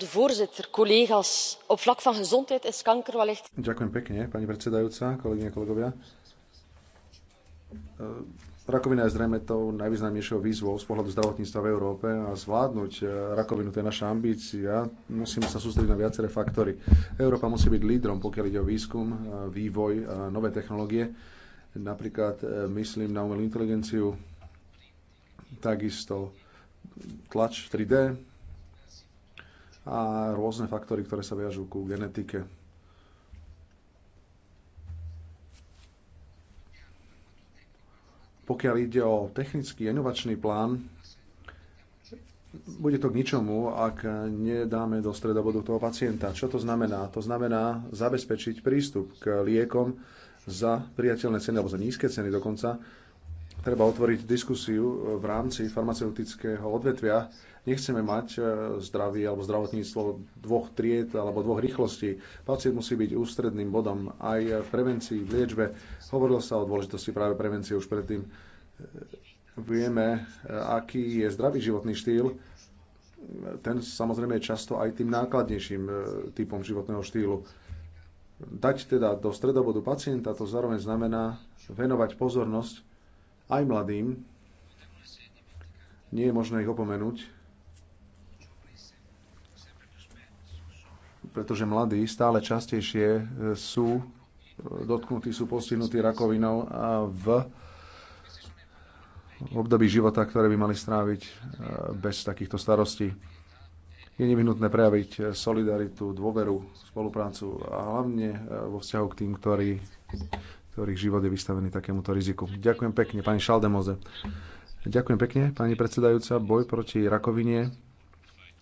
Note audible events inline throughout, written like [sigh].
Ďakujem pekne, pani predsedajúca, kolegyne, kolegovia. E, rakovina je zrejme tou najvýznamnejšou výzvou z pohľadu zdravotníctva v Európe a zvládnuť e, rakovinu, to je naša ambícia. Musíme sa sústrediť na viaceré faktory. Európa musí byť lídrom, pokiaľ ide o výskum, e, vývoj, a nové technológie. Napríklad myslím na umelú inteligenciu, takisto tlač 3D, a rôzne faktory, ktoré sa viažú ku genetike. Pokiaľ ide o technický inovačný plán, bude to k ničomu, ak nedáme do stredobodu toho pacienta. Čo to znamená? To znamená zabezpečiť prístup k liekom za priateľné ceny, alebo za nízke ceny dokonca. Treba otvoriť diskusiu v rámci farmaceutického odvetvia, Nechceme mať e, zdravie alebo zdravotníctvo dvoch tried alebo dvoch rýchlostí. Pacient musí byť ústredným bodom aj v prevencii, v liečbe. Hovorilo sa o dôležitosti práve prevencie už predtým. E, vieme, e, aký je zdravý životný štýl. Ten samozrejme je často aj tým nákladnejším typom životného štýlu. Dať teda do stredobodu pacienta to zároveň znamená venovať pozornosť aj mladým. Nie je možné ich opomenúť, pretože mladí stále častejšie e, sú e, dotknutí, sú postihnutí rakovinou a v období života, ktoré by mali stráviť e, bez takýchto starostí. Je nevyhnutné prejaviť solidaritu, dôveru, spoluprácu a hlavne vo vzťahu k tým, ktorý, ktorých život je vystavený takémuto riziku. Ďakujem pekne, pani Šaldemoze. Ďakujem pekne, pani predsedajúca. Boj proti rakovine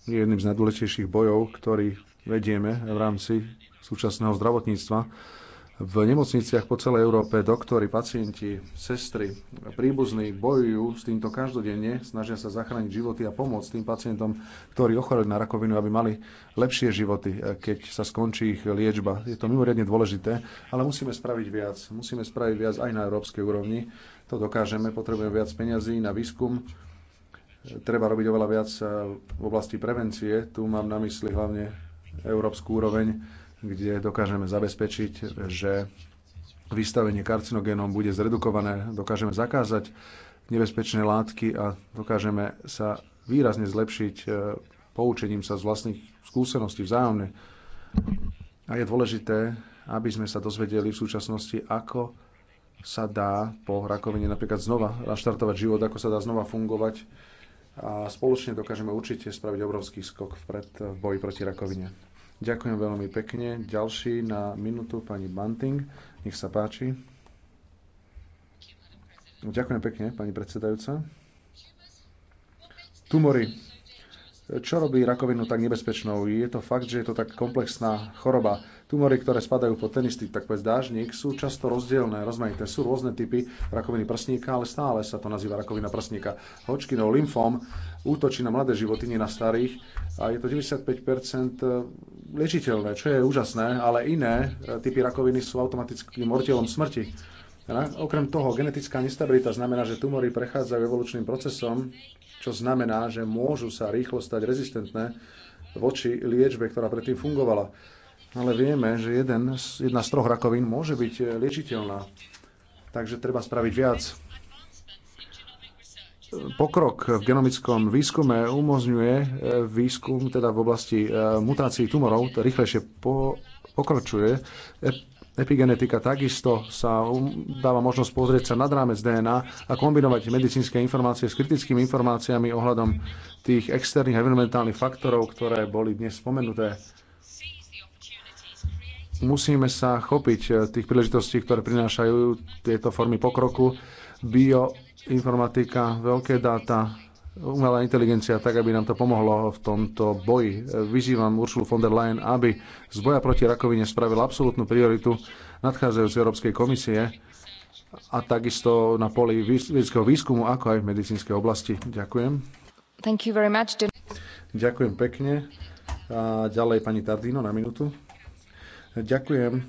je jedným z najdôležitejších bojov, ktorý vedieme v rámci súčasného zdravotníctva. V nemocniciach po celej Európe doktori, pacienti, sestry, príbuzní bojujú s týmto každodenne, snažia sa zachrániť životy a pomôcť tým pacientom, ktorí ochoreli na rakovinu, aby mali lepšie životy, keď sa skončí ich liečba. Je to mimoriadne dôležité, ale musíme spraviť viac. Musíme spraviť viac aj na európskej úrovni. To dokážeme, potrebujeme viac peňazí na výskum, treba robiť oveľa viac eh, v oblasti prevencie. Tu mám na mysli hlavne európsku úroveň, kde dokážeme zabezpečiť, že vystavenie karcinogénom bude zredukované, dokážeme zakázať nebezpečné látky a dokážeme sa výrazne zlepšiť e, poučením sa z vlastných skúseností vzájomne. A je dôležité, aby sme sa dozvedeli v súčasnosti, ako sa dá po rakovine napríklad znova naštartovať život, ako sa dá znova fungovať a spoločne dokážeme určite spraviť obrovský skok vpred v boji proti rakovine. Ďakujem veľmi pekne. Ďalší na minútu pani Banting. Nech sa páči. Ďakujem pekne, pani predsedajúca. Tumory. Čo robí rakovinu tak nebezpečnou? Je to fakt, že je to tak komplexná choroba Tumory, ktoré spadajú pod ten istý, tak povedz, dážnik, sú často rozdielne, rozmanité. Sú rôzne typy rakoviny prsníka, ale stále sa to nazýva rakovina prsníka. Hočkinov lymfom útočí na mladé životy, nie na starých a je to 95% eh, liečiteľné, čo je úžasné, ale iné eh, typy rakoviny sú automatickým mortielom smrti. Okrem toho, genetická nestabilita znamená, že tumory prechádzajú evolučným procesom, čo znamená, že môžu sa rýchlo stať rezistentné voči liečbe, ktorá predtým fungovala ale vieme, že jeden, jedna z troch rakovín môže byť eh, liečiteľná. Takže treba spraviť viac. Pokrok v genomickom výskume umožňuje eh, výskum teda v oblasti eh, mutácií tumorov, to rýchlejšie po, pokročuje. Epigenetika takisto sa um, dáva možnosť pozrieť sa nad rámec DNA a kombinovať medicínske informácie s kritickými informáciami ohľadom tých externých environmentálnych faktorov, ktoré boli dnes spomenuté Musíme sa chopiť eh, tých príležitostí, ktoré prinášajú tieto formy pokroku. Bioinformatika, veľké dáta, umelá inteligencia, tak aby nám to pomohlo v tomto boji. Vyzývam Ursulu von der Leyen, aby z boja proti rakovine spravila absolútnu prioritu nadchádzajúcej Európskej komisie a takisto na poli vedeckého výskumu, ako aj v medicínskej oblasti. Ďakujem. Thank you very much. Ďakujem pekne. A ďalej pani Tardino na minútu. Ďakujem.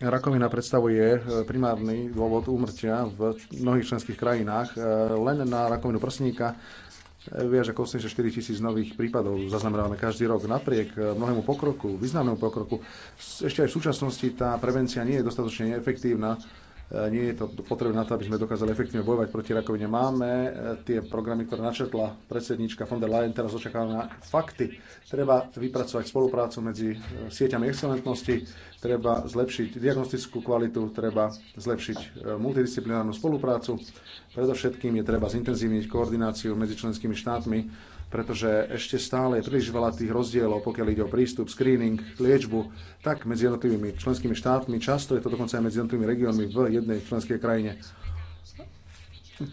Rakovina predstavuje e, primárny dôvod úmrtia v mnohých členských krajinách. E, len na rakovinu prsníka e, viac ako 84 tisíc nových prípadov zaznamenávame každý rok. Napriek mnohému pokroku, významnému pokroku, ešte aj v súčasnosti tá prevencia nie je dostatočne efektívna E, nie je to potrebné na to, aby sme dokázali efektívne bojovať proti rakovine. Máme e, tie programy, ktoré načetla predsednička von der Leyen, teraz očakávame na fakty. Treba vypracovať spoluprácu medzi e, sieťami excelentnosti, treba zlepšiť diagnostickú kvalitu, treba zlepšiť multidisciplinárnu spoluprácu. Predovšetkým je treba zintenzívniť koordináciu medzi členskými štátmi pretože ešte stále je príliš veľa tých rozdielov, pokiaľ ide o prístup, screening, liečbu, tak medzi jednotlivými členskými štátmi, často je to dokonca aj medzi jednotlivými regiónmi v jednej členskej krajine.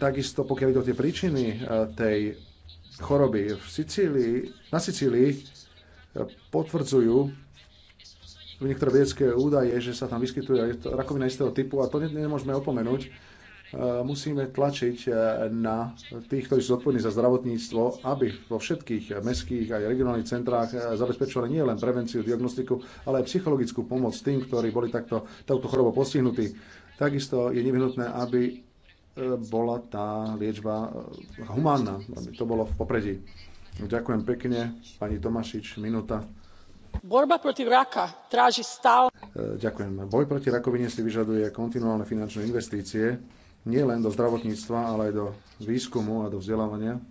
Takisto, pokiaľ ide o tie príčiny e, tej choroby v Sicílii, na Sicílii e, potvrdzujú niektoré vedecké údaje, že sa tam vyskytuje rakovina istého typu a to nemôžeme opomenúť Eh, musíme tlačiť eh, na tých, ktorí sú zodpovední za zdravotníctvo, aby vo všetkých mestských aj regionálnych centrách eh, zabezpečovali nie len prevenciu, diagnostiku, ale aj psychologickú pomoc tým, ktorí boli takto, touto chorobou postihnutí. Takisto je nevyhnutné, aby bola tá liečba humánna, aby to bolo v popredí. Ďakujem pekne, pani Tomašič, minúta. Borba proti raka tráži stále. Ďakujem. Boj proti rakovine si vyžaduje kontinuálne finančné investície nie len do zdravotníctva, ale aj do výskumu a do vzdelávania.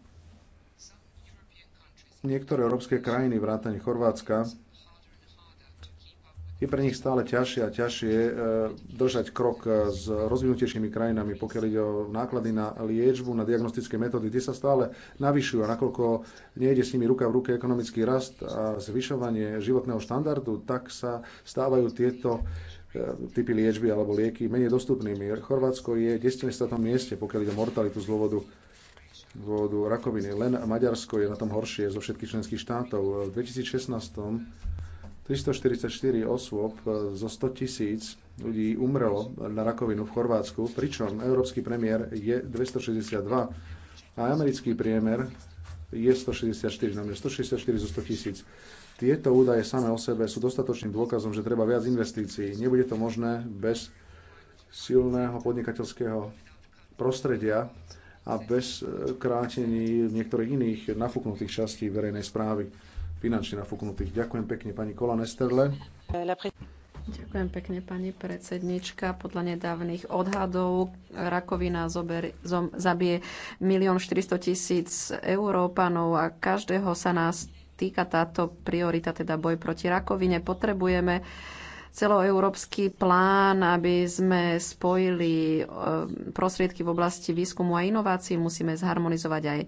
Niektoré európske krajiny, vrátane Chorvátska, je pre nich stále ťažšie a ťažšie e, držať krok e, s rozvinutejšími krajinami, pokiaľ ide o náklady na liečbu, na diagnostické metódy. Tie sa stále navyšujú a nakoľko nejde s nimi ruka v ruke ekonomický rast a zvyšovanie životného štandardu, tak sa stávajú tieto typy liečby alebo lieky menej dostupnými. Chorvátsko je 10. statom mieste, pokiaľ ide o mortalitu z dôvodu dôvodu rakoviny. Len Maďarsko je na tom horšie zo všetkých členských štátov. V 2016 344 osôb zo 100 tisíc ľudí umrelo na rakovinu v Chorvátsku, pričom európsky premiér je 262 a americký priemer je 164, znamená 164 zo 100 tisíc. Tieto údaje samé o sebe sú dostatočným dôkazom, že treba viac investícií. Nebude to možné bez silného podnikateľského prostredia a bez e, krátení niektorých iných nafúknutých častí verejnej správy, finančne nafúknutých. Ďakujem pekne pani Kola Nesterle. Ďakujem pekne, pani predsednička. Podľa nedávnych odhadov rakovina zober, zom, zabije 1 400 tisíc Európanov a každého sa nás týka táto priorita, teda boj proti rakovine. Potrebujeme celoeurópsky plán, aby sme spojili eh, prostriedky v oblasti výskumu a inovácií. Musíme zharmonizovať aj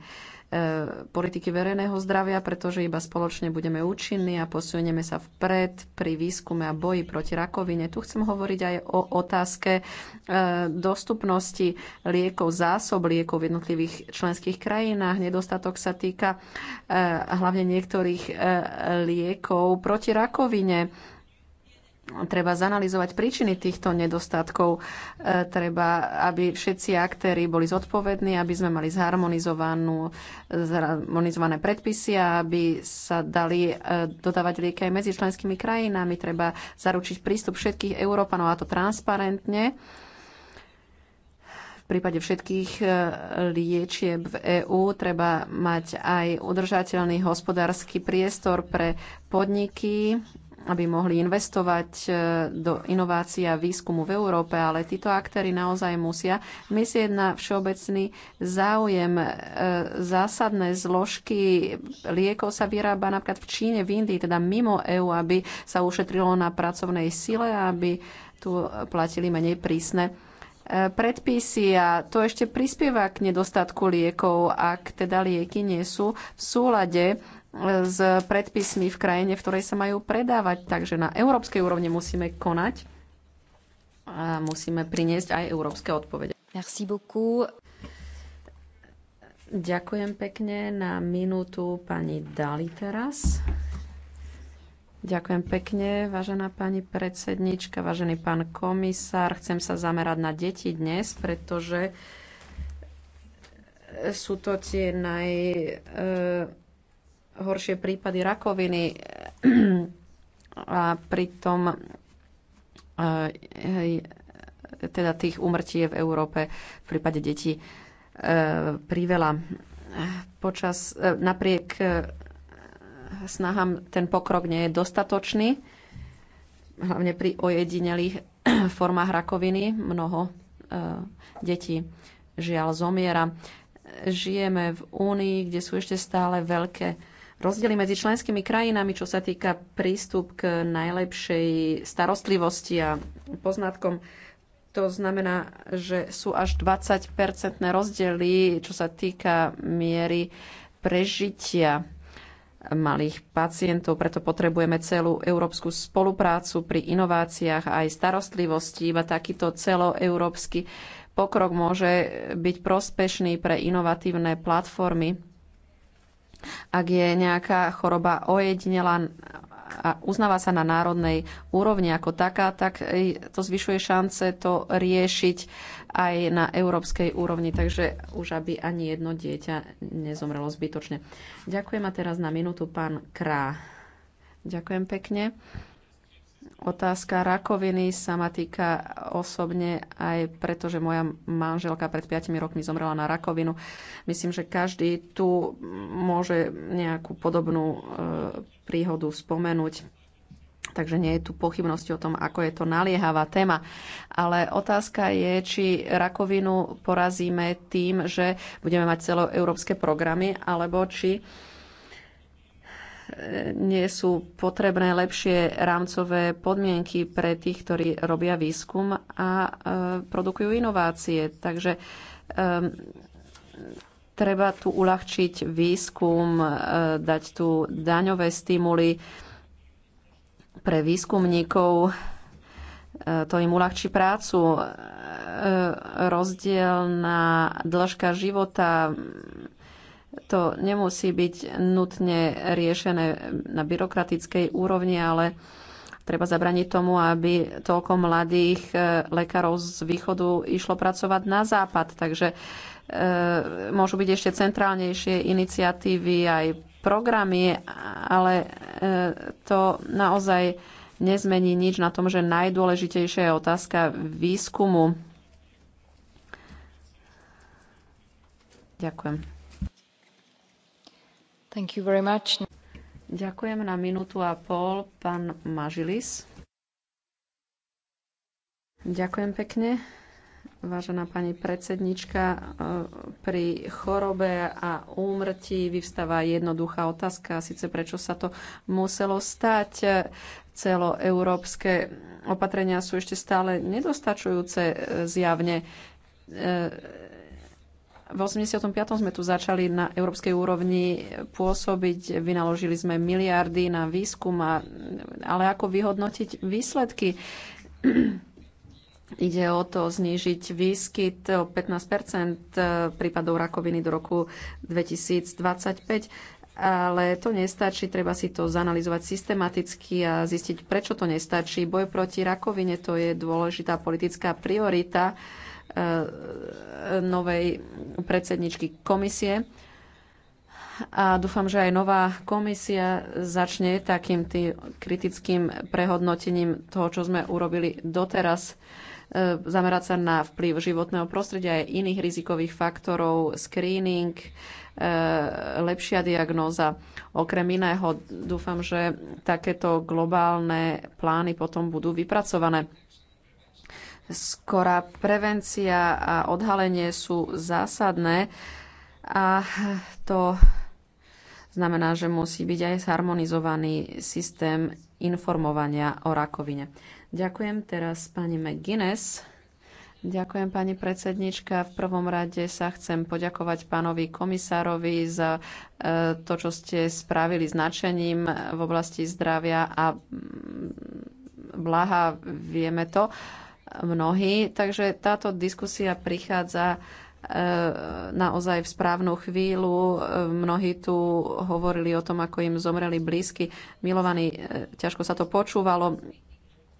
politiky verejného zdravia, pretože iba spoločne budeme účinní a posunieme sa vpred pri výskume a boji proti rakovine. Tu chcem hovoriť aj o otázke e, dostupnosti liekov, zásob liekov v jednotlivých členských krajinách. Nedostatok sa týka e, hlavne niektorých e, liekov proti rakovine treba zanalizovať príčiny týchto nedostatkov. E, treba, aby všetci aktéry boli zodpovední, aby sme mali zharmonizovanú, zharmonizované predpisy a aby sa dali e, dodávať lieky aj medzi členskými krajinami. Treba zaručiť prístup všetkých Európanov a to transparentne. V prípade všetkých e, liečieb v EÚ treba mať aj udržateľný hospodársky priestor pre podniky aby mohli investovať e, do inovácií a výskumu v Európe, ale títo aktéry naozaj musia myslieť na všeobecný záujem. E, zásadné zložky liekov sa vyrába napríklad v Číne, v Indii, teda mimo EÚ, aby sa ušetrilo na pracovnej sile a aby tu platili menej prísne e, predpisy a to ešte prispieva k nedostatku liekov, ak teda lieky nie sú v súlade s predpismi v krajine, v ktorej sa majú predávať. Takže na európskej úrovni musíme konať a musíme priniesť aj európske odpovede. Merci beaucoup. Ďakujem pekne na minútu pani Dali teraz. Ďakujem pekne, vážená pani predsednička, vážený pán komisár. Chcem sa zamerať na deti dnes, pretože sú to tie naj... E, horšie prípady rakoviny [clears throat] a pritom eh, teda tých umrtí je v Európe v prípade detí eh, priveľa. Počas, eh, napriek snahám ten pokrok nie je dostatočný, hlavne pri ojedinelých [clears throat] formách rakoviny. Mnoho detí žiaľ zomiera. Žijeme v Únii, kde sú ešte stále veľké rozdiely medzi členskými krajinami, čo sa týka prístup k najlepšej starostlivosti a poznatkom. To znamená, že sú až 20-percentné rozdiely, čo sa týka miery prežitia malých pacientov, preto potrebujeme celú európsku spoluprácu pri inováciách a aj starostlivosti. Iba takýto celoeurópsky pokrok môže byť prospešný pre inovatívne platformy ak je nejaká choroba ojedinela a uznáva sa na národnej úrovni ako taká, tak to zvyšuje šance to riešiť aj na európskej úrovni, takže už aby ani jedno dieťa nezomrelo zbytočne. Ďakujem a teraz na minútu pán Krá. Ďakujem pekne. Otázka rakoviny sa ma týka osobne aj preto, že moja manželka pred 5 rokmi zomrela na rakovinu. Myslím, že každý tu môže nejakú podobnú e, príhodu spomenúť. Takže nie je tu pochybnosti o tom, ako je to naliehavá téma. Ale otázka je, či rakovinu porazíme tým, že budeme mať celoeurópske programy, alebo či nie sú potrebné lepšie rámcové podmienky pre tých, ktorí robia výskum a e, produkujú inovácie. Takže um, treba tu uľahčiť výskum, e, dať tu daňové stimuly pre výskumníkov, to im uľahčí prácu. rozdiel na dĺžka života to nemusí byť nutne riešené na byrokratickej úrovni, ale treba zabraniť tomu, aby toľko mladých e, lekárov z východu išlo pracovať na západ. Takže e, môžu byť ešte centrálnejšie iniciatívy, aj programy, ale e, to naozaj nezmení nič na tom, že najdôležitejšia je otázka výskumu. Ďakujem. Thank you very much. Ďakujem na minútu a pol, pán Mažilis. Ďakujem pekne. Vážená pani predsednička, pri chorobe a úmrtí vyvstáva jednoduchá otázka, síce prečo sa to muselo stať. Celoeurópske opatrenia sú ešte stále nedostačujúce zjavne v 85. sme tu začali na európskej úrovni pôsobiť, vynaložili sme miliardy na výskum, a, ale ako vyhodnotiť výsledky? [clears throat] Ide o to znížiť výskyt o 15 eh, prípadov rakoviny do roku 2025, ale to nestačí, treba si to zanalizovať systematicky a zistiť, prečo to nestačí. Boj proti rakovine to je dôležitá politická priorita E, novej predsedničky komisie. A dúfam, že aj nová komisia začne takým tým kritickým prehodnotením toho, čo sme urobili doteraz e, zamerať sa na vplyv životného prostredia aj iných rizikových faktorov, screening, e, lepšia diagnóza. Okrem iného dúfam, že takéto globálne plány potom budú vypracované. Skorá prevencia a odhalenie sú zásadné a to znamená, že musí byť aj zharmonizovaný systém informovania o rakovine. Ďakujem teraz pani McGuinness. Ďakujem pani predsednička. V prvom rade sa chcem poďakovať pánovi komisárovi za e, to, čo ste spravili značením v oblasti zdravia a blaha, vieme to mnohí. Takže táto diskusia prichádza e, naozaj v správnu chvíľu. E, mnohí tu hovorili o tom, ako im zomreli blízky. Milovaní, e, ťažko sa to počúvalo.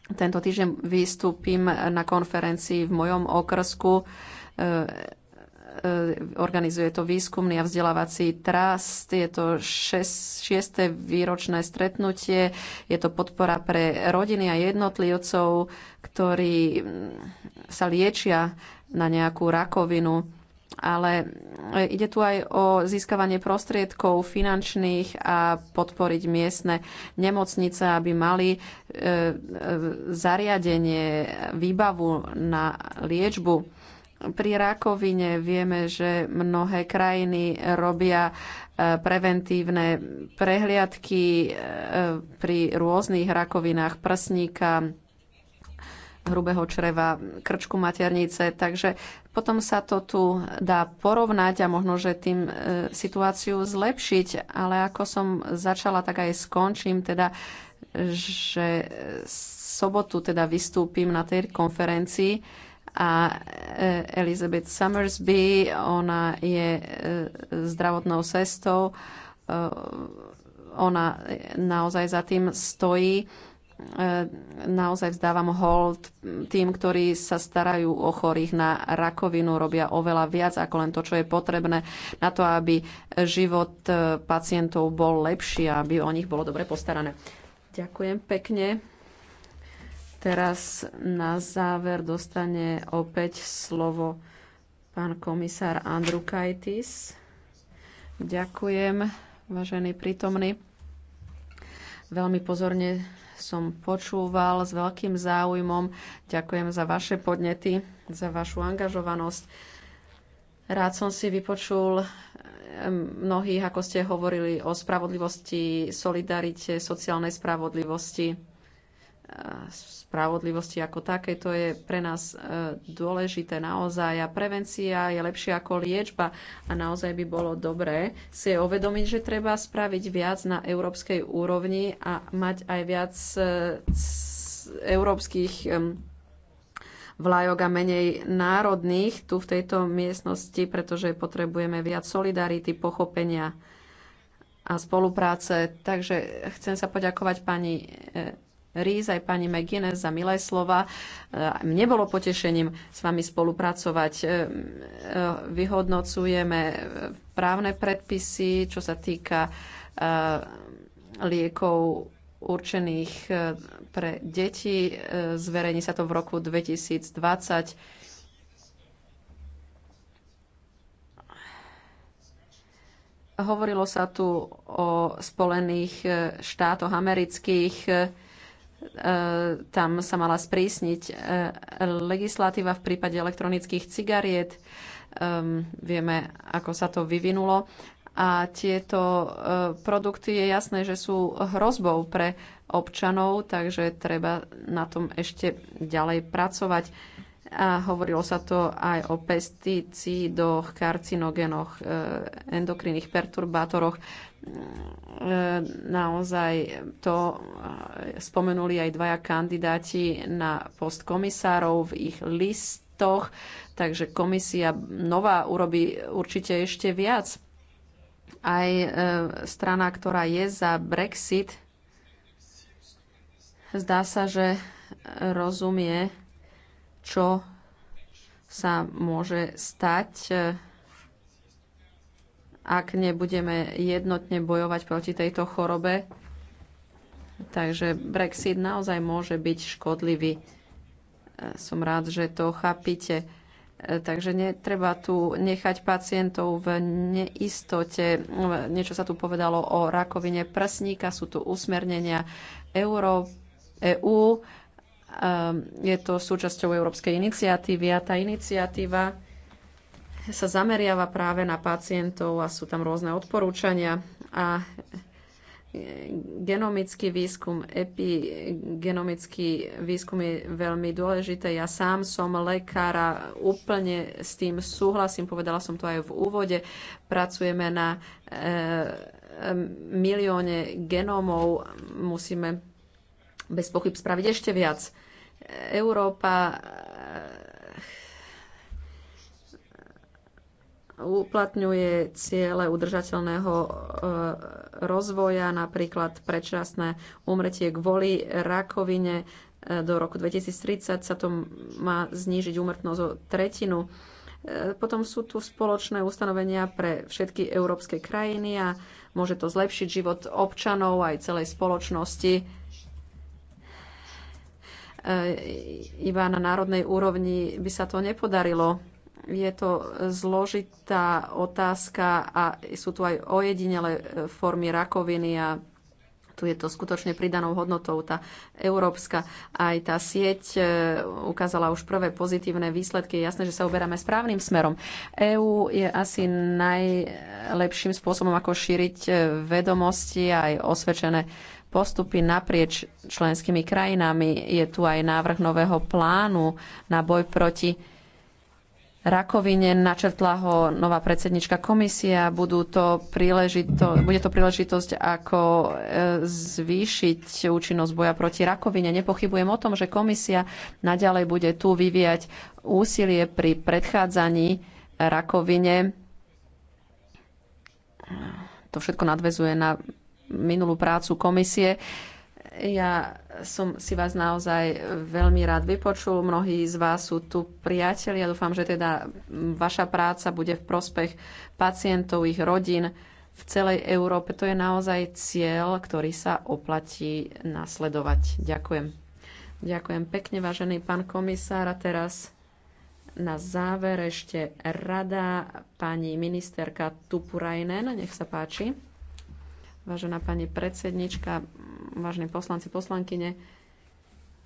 Tento týždeň vystúpim na konferencii v mojom okrsku E, organizuje to výskumný a vzdelávací trast. Je to 6, výročné stretnutie. Je to podpora pre rodiny a jednotlivcov, ktorí mm, sa liečia na nejakú rakovinu. Ale e, ide tu aj o získavanie prostriedkov finančných a podporiť miestne nemocnice, aby mali e, zariadenie, výbavu na liečbu pri rakovine vieme, že mnohé krajiny robia e, preventívne prehliadky e, pri rôznych rakovinách prsníka, hrubého čreva, krčku maternice, takže potom sa to tu dá porovnať a možno, že tým e, situáciu zlepšiť, ale ako som začala, tak aj skončím, teda, že sobotu teda vystúpim na tej konferencii, a e, Elizabeth Summersby, ona je e, zdravotnou sestou, e, ona naozaj za tým stojí. Naozaj vzdávam hold tým, ktorí sa starajú o chorých na rakovinu, robia oveľa viac ako len to, čo je potrebné na to, aby život pacientov bol lepší a aby o nich bolo dobre postarané. Ďakujem pekne. Teraz na záver dostane opäť slovo pán komisár Andrukaitis. Ďakujem, vážení prítomný. Veľmi pozorne som počúval s veľkým záujmom. Ďakujem za vaše podnety, za vašu angažovanosť. Rád som si vypočul eh, mnohých, ako ste hovorili, o spravodlivosti, solidarite, sociálnej spravodlivosti spravodlivosti ako také. To je pre nás e, dôležité naozaj a prevencia je lepšia ako liečba a naozaj by bolo dobré si uvedomiť, že treba spraviť viac na európskej úrovni a mať aj viac e, európskych vlajok a menej národných tu v tejto miestnosti, pretože potrebujeme viac solidarity, pochopenia a spolupráce. Takže chcem sa poďakovať pani e, Ríz, aj pani McGuinness za milé slova. Mne e, bolo potešením s vami spolupracovať. E, e, vyhodnocujeme právne predpisy, čo sa týka liekov určených pre deti. Zverejní sa to v roku 2020. Hovorilo sa tu o Spolených štátoch amerických. E, tam sa mala sprísniť e, legislatíva v prípade elektronických cigariet. Ehm, vieme, ako sa to vyvinulo. A tieto e, produkty je jasné, že sú hrozbou pre občanov, takže treba na tom ešte ďalej pracovať a hovorilo sa to aj o pesticídoch, karcinogenoch, e, endokrinných perturbátoroch. E, naozaj to e, spomenuli aj dvaja kandidáti na post komisárov v ich listoch, takže komisia nová urobí určite ešte viac. Aj strana, ktorá je za Brexit, zdá sa, že rozumie čo sa môže stať, e, ak nebudeme jednotne bojovať proti tejto chorobe. Takže Brexit naozaj môže byť škodlivý. E, som rád, že to chápite. E, takže netreba tu nechať pacientov v neistote. Niečo sa tu povedalo o rakovine prsníka, sú tu usmernenia Euró. EU Ehm, je to súčasťou Európskej iniciatívy a tá iniciatíva sa zameriava práve na pacientov a sú tam rôzne odporúčania a genomický výskum, epigenomický výskum je veľmi dôležité. Ja sám som lekár úplne s tým súhlasím, povedala som to aj v úvode. Pracujeme na e, milióne genómov, musíme bez pochyb spraviť ešte viac. Európa eh, uplatňuje ciele udržateľného eh, rozvoja, napríklad predčasné umretie kvôli rakovine. Eh, do roku 2030 sa to má znížiť úmrtnosť o tretinu. Potom sú tu spoločné ustanovenia pre všetky európske krajiny a môže to zlepšiť život občanov aj celej spoločnosti E, iba na národnej úrovni by sa to nepodarilo. Je to zložitá otázka a sú tu aj ojedinele e, formy rakoviny a tu je to skutočne pridanou hodnotou, tá európska. Aj tá sieť e, ukázala už prvé pozitívne výsledky. Je jasné, že sa uberáme správnym smerom. EÚ je asi najlepším spôsobom, ako šíriť vedomosti aj osvedčené postupy naprieč členskými krajinami. Je tu aj návrh nového plánu na boj proti rakovine. Načrtla ho nová predsednička komisia. Budú to príležito, bude to príležitosť, ako e, zvýšiť účinnosť boja proti rakovine. Nepochybujem o tom, že komisia naďalej bude tu vyvíjať úsilie pri predchádzaní rakovine to všetko nadvezuje na minulú prácu komisie. Ja som si vás naozaj veľmi rád vypočul. Mnohí z vás sú tu priatelia. Ja dúfam, že teda vaša práca bude v prospech pacientov, ich rodín v celej Európe. To je naozaj cieľ, ktorý sa oplatí nasledovať. Ďakujem. Ďakujem pekne, vážený pán komisár. A teraz na záver ešte rada pani ministerka Tupurajnen. Nech sa páči. Vážená pani predsednička, vážení poslanci, poslankyne,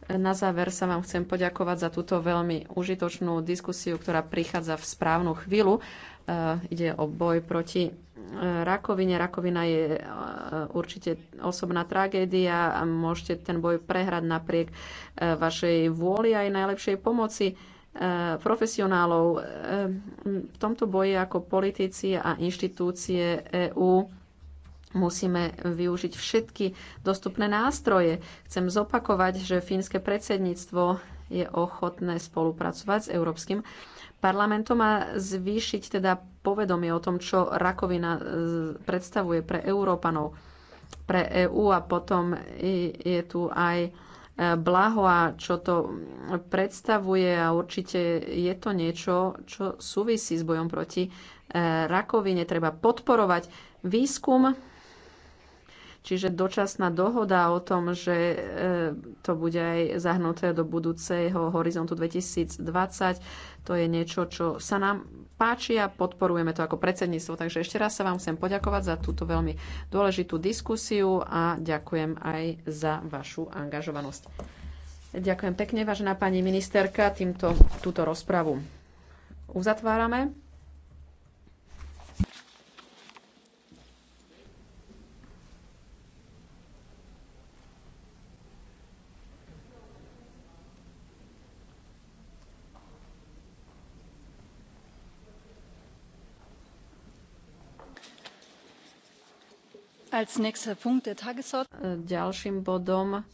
na záver sa vám chcem poďakovať za túto veľmi užitočnú diskusiu, ktorá prichádza v správnu chvíľu. E, ide o boj proti e, rakovine. Rakovina je e, určite osobná tragédia a môžete ten boj prehrať napriek vašej vôli aj najlepšej pomoci profesionálov. V tomto boji ako politici a inštitúcie EÚ musíme využiť všetky dostupné nástroje. Chcem zopakovať, že fínske predsedníctvo je ochotné spolupracovať s Európskym parlamentom a zvýšiť teda povedomie o tom, čo rakovina e, predstavuje pre Európanov, pre EÚ a potom je tu aj e, blaho a čo to predstavuje a určite je to niečo, čo súvisí s bojom proti e, rakovine. Treba podporovať výskum Čiže dočasná dohoda o tom, že e, to bude aj zahnuté do budúceho horizontu 2020, to je niečo, čo sa nám páči a podporujeme to ako predsedníctvo. Takže ešte raz sa vám chcem poďakovať za túto veľmi dôležitú diskusiu a ďakujem aj za vašu angažovanosť. Ďakujem pekne, vážená pani ministerka, týmto túto rozpravu uzatvárame. E, ďalším bodom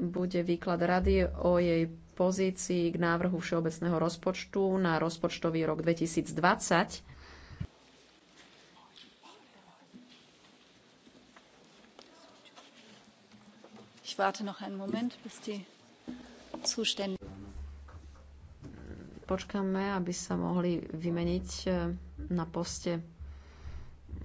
bude výklad rady o jej pozícii k návrhu všeobecného rozpočtu na rozpočtový rok 2020. Ich warte noch einen Moment, bis die Počkáme, aby sa mohli vymeniť e, na poste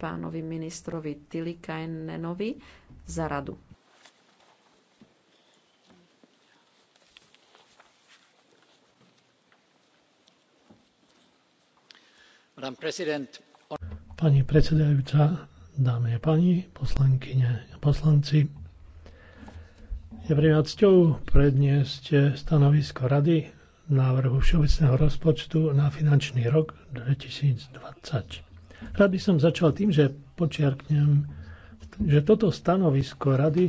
pánovi ministrovi Tilikainenovi za radu. Pani predsedajúca, dámy a páni, poslankyne a poslanci, je pre mňa cťou predniesť stanovisko Rady návrhu Všeobecného rozpočtu na finančný rok 2020. Rád by som začal tým, že počiarknem, že toto stanovisko rady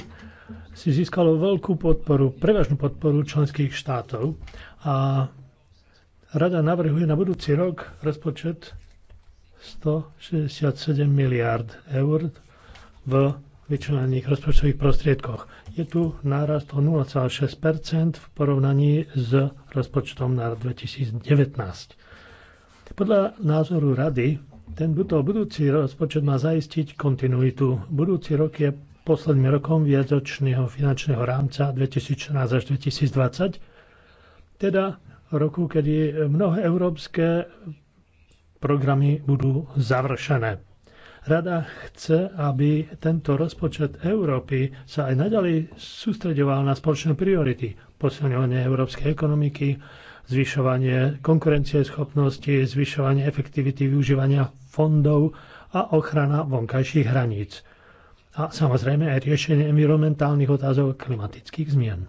si získalo veľkú podporu, prevažnú podporu členských štátov a rada navrhuje na budúci rok rozpočet 167 miliard eur v vyčlenených rozpočtových prostriedkoch. Je tu nárast o 0,6 v porovnaní s rozpočtom na 2019. Podľa názoru rady ten budúci rozpočet má zaistiť kontinuitu. Budúci rok je posledným rokom viacročného finančného rámca 2014 až 2020, teda roku, kedy mnohé európske programy budú završené. Rada chce, aby tento rozpočet Európy sa aj naďalej sústredoval na spoločné priority. Posilňovanie európskej ekonomiky, zvyšovanie konkurencieschopnosti, zvyšovanie efektivity využívania fondov a ochrana vonkajších hraníc. A samozrejme aj riešenie environmentálnych otázok klimatických zmien.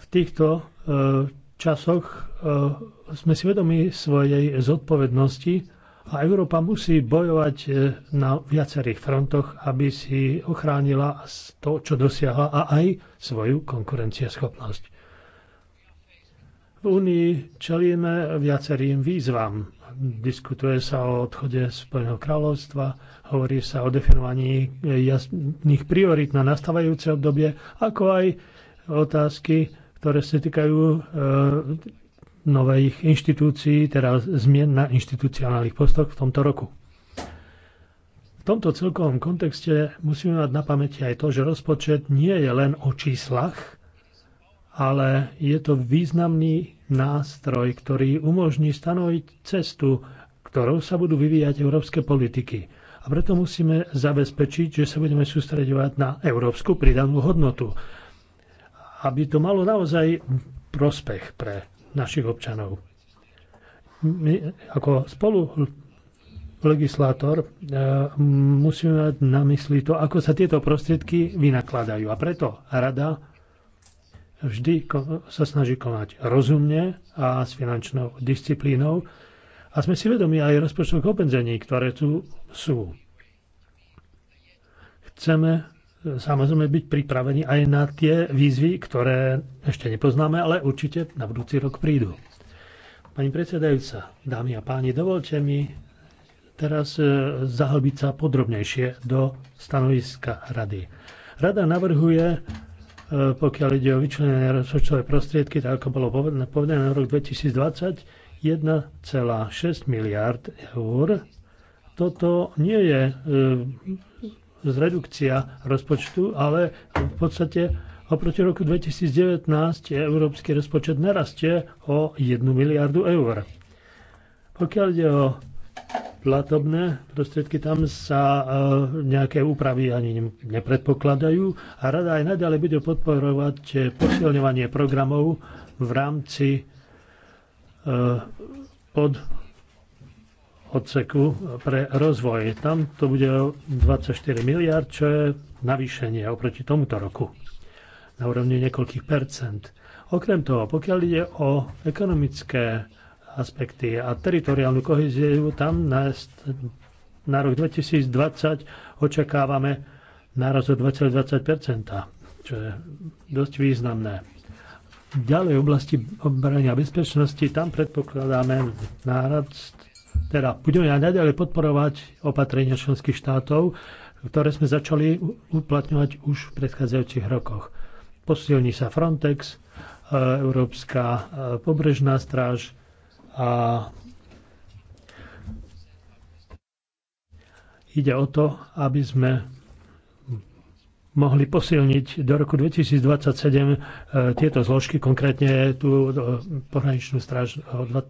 V týchto eh, časoch eh, sme si vedomi svojej zodpovednosti a Európa musí bojovať eh, na viacerých frontoch, aby si ochránila to, čo dosiahla a aj svoju konkurencieschopnosť. V Únii čelíme viacerým výzvam diskutuje sa o odchode Spojeného kráľovstva, hovorí sa o definovaní jasných priorít na nastávajúce obdobie, ako aj otázky, ktoré sa týkajú e, nových inštitúcií, teda zmien na inštitucionálnych postoch v tomto roku. V tomto celkovom kontexte musíme mať na pamäti aj to, že rozpočet nie je len o číslach, ale je to významný nástroj, ktorý umožní stanoviť cestu, ktorou sa budú vyvíjať európske politiky. A preto musíme zabezpečiť, že sa budeme sústredovať na európsku pridanú hodnotu, aby to malo naozaj prospech pre našich občanov. My ako spolu legislátor e, musíme mať na mysli to, ako sa tieto prostriedky vynakladajú. A preto rada vždy sa snaží konať rozumne a s finančnou disciplínou. A sme si vedomi aj rozpočtových obmedzení, ktoré tu sú. Chceme e, samozrejme byť pripravení aj na tie výzvy, ktoré ešte nepoznáme, ale určite na budúci rok prídu. Pani predsedajúca, dámy a páni, dovolte mi teraz e, zahlbiť sa podrobnejšie do stanoviska rady. Rada navrhuje E, pokiaľ ide o vyčlenené rozpočtové prostriedky, tak ako bolo povedané, povedané na rok 2020, 1,6 miliard eur. Toto nie je e, redukcia rozpočtu, ale v podstate oproti roku 2019 európsky rozpočet narastie o 1 miliardu eur. Pokiaľ ide o platobné prostriedky, tam sa e, nejaké úpravy ani nepredpokladajú a rada aj naďalej bude podporovať e, posilňovanie programov v rámci e, pod odseku pre rozvoj. Tam to bude 24 miliard, čo je navýšenie oproti tomuto roku na úrovni niekoľkých percent. Okrem toho, pokiaľ ide o ekonomické aspekty a teritoriálnu koheziu tam na, na rok 2020 očakávame náraz o 2,20 čo je dosť významné. Ďalej oblasti obrania a bezpečnosti tam predpokladáme nárast, teda budeme aj naďalej podporovať opatrenia členských štátov, ktoré sme začali uplatňovať už v predchádzajúcich rokoch. Posilní sa Frontex, e, Európska e, pobrežná stráž, a ide o to, aby sme mohli posilniť do roku 2027 e, tieto zložky, konkrétne tú e, pohraničnú stráž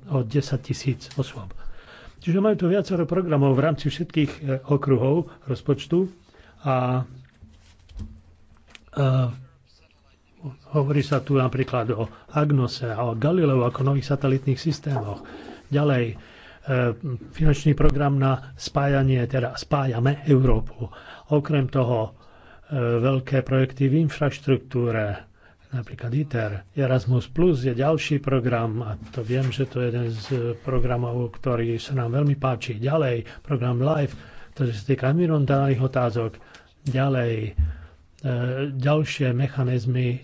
o 10 tisíc osôb. Čiže majú tu viacero programov v rámci všetkých e, okruhov rozpočtu a v Hovorí sa tu napríklad o Agnose a o Galileu ako nových satelitných systémoch. Ďalej, e, finančný program na spájanie, teda spájame Európu. Okrem toho e, veľké projekty v infraštruktúre, napríklad ITER. Erasmus Plus je ďalší program a to viem, že to je jeden z e, programov, ktorý sa nám veľmi páči. Ďalej, program LIFE, to sa týka environmentálnych otázok. Ďalej, ďalšie mechanizmy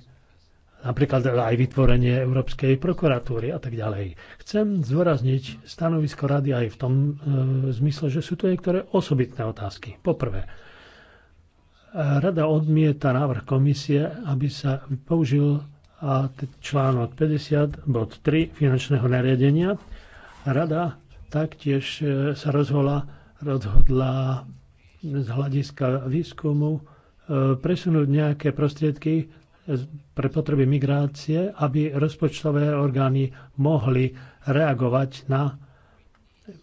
napríklad aj vytvorenie Európskej prokuratúry a tak ďalej. Chcem zdôrazniť stanovisko rady aj v tom e, zmysle, že sú to niektoré osobitné otázky. Poprvé, rada odmieta návrh komisie, aby sa použil a článok 50 bod 3 finančného nariadenia. Rada taktiež e, sa rozhodla, rozhodla z hľadiska výskumu e, presunúť nejaké prostriedky pre potreby migrácie, aby rozpočtové orgány mohli reagovať na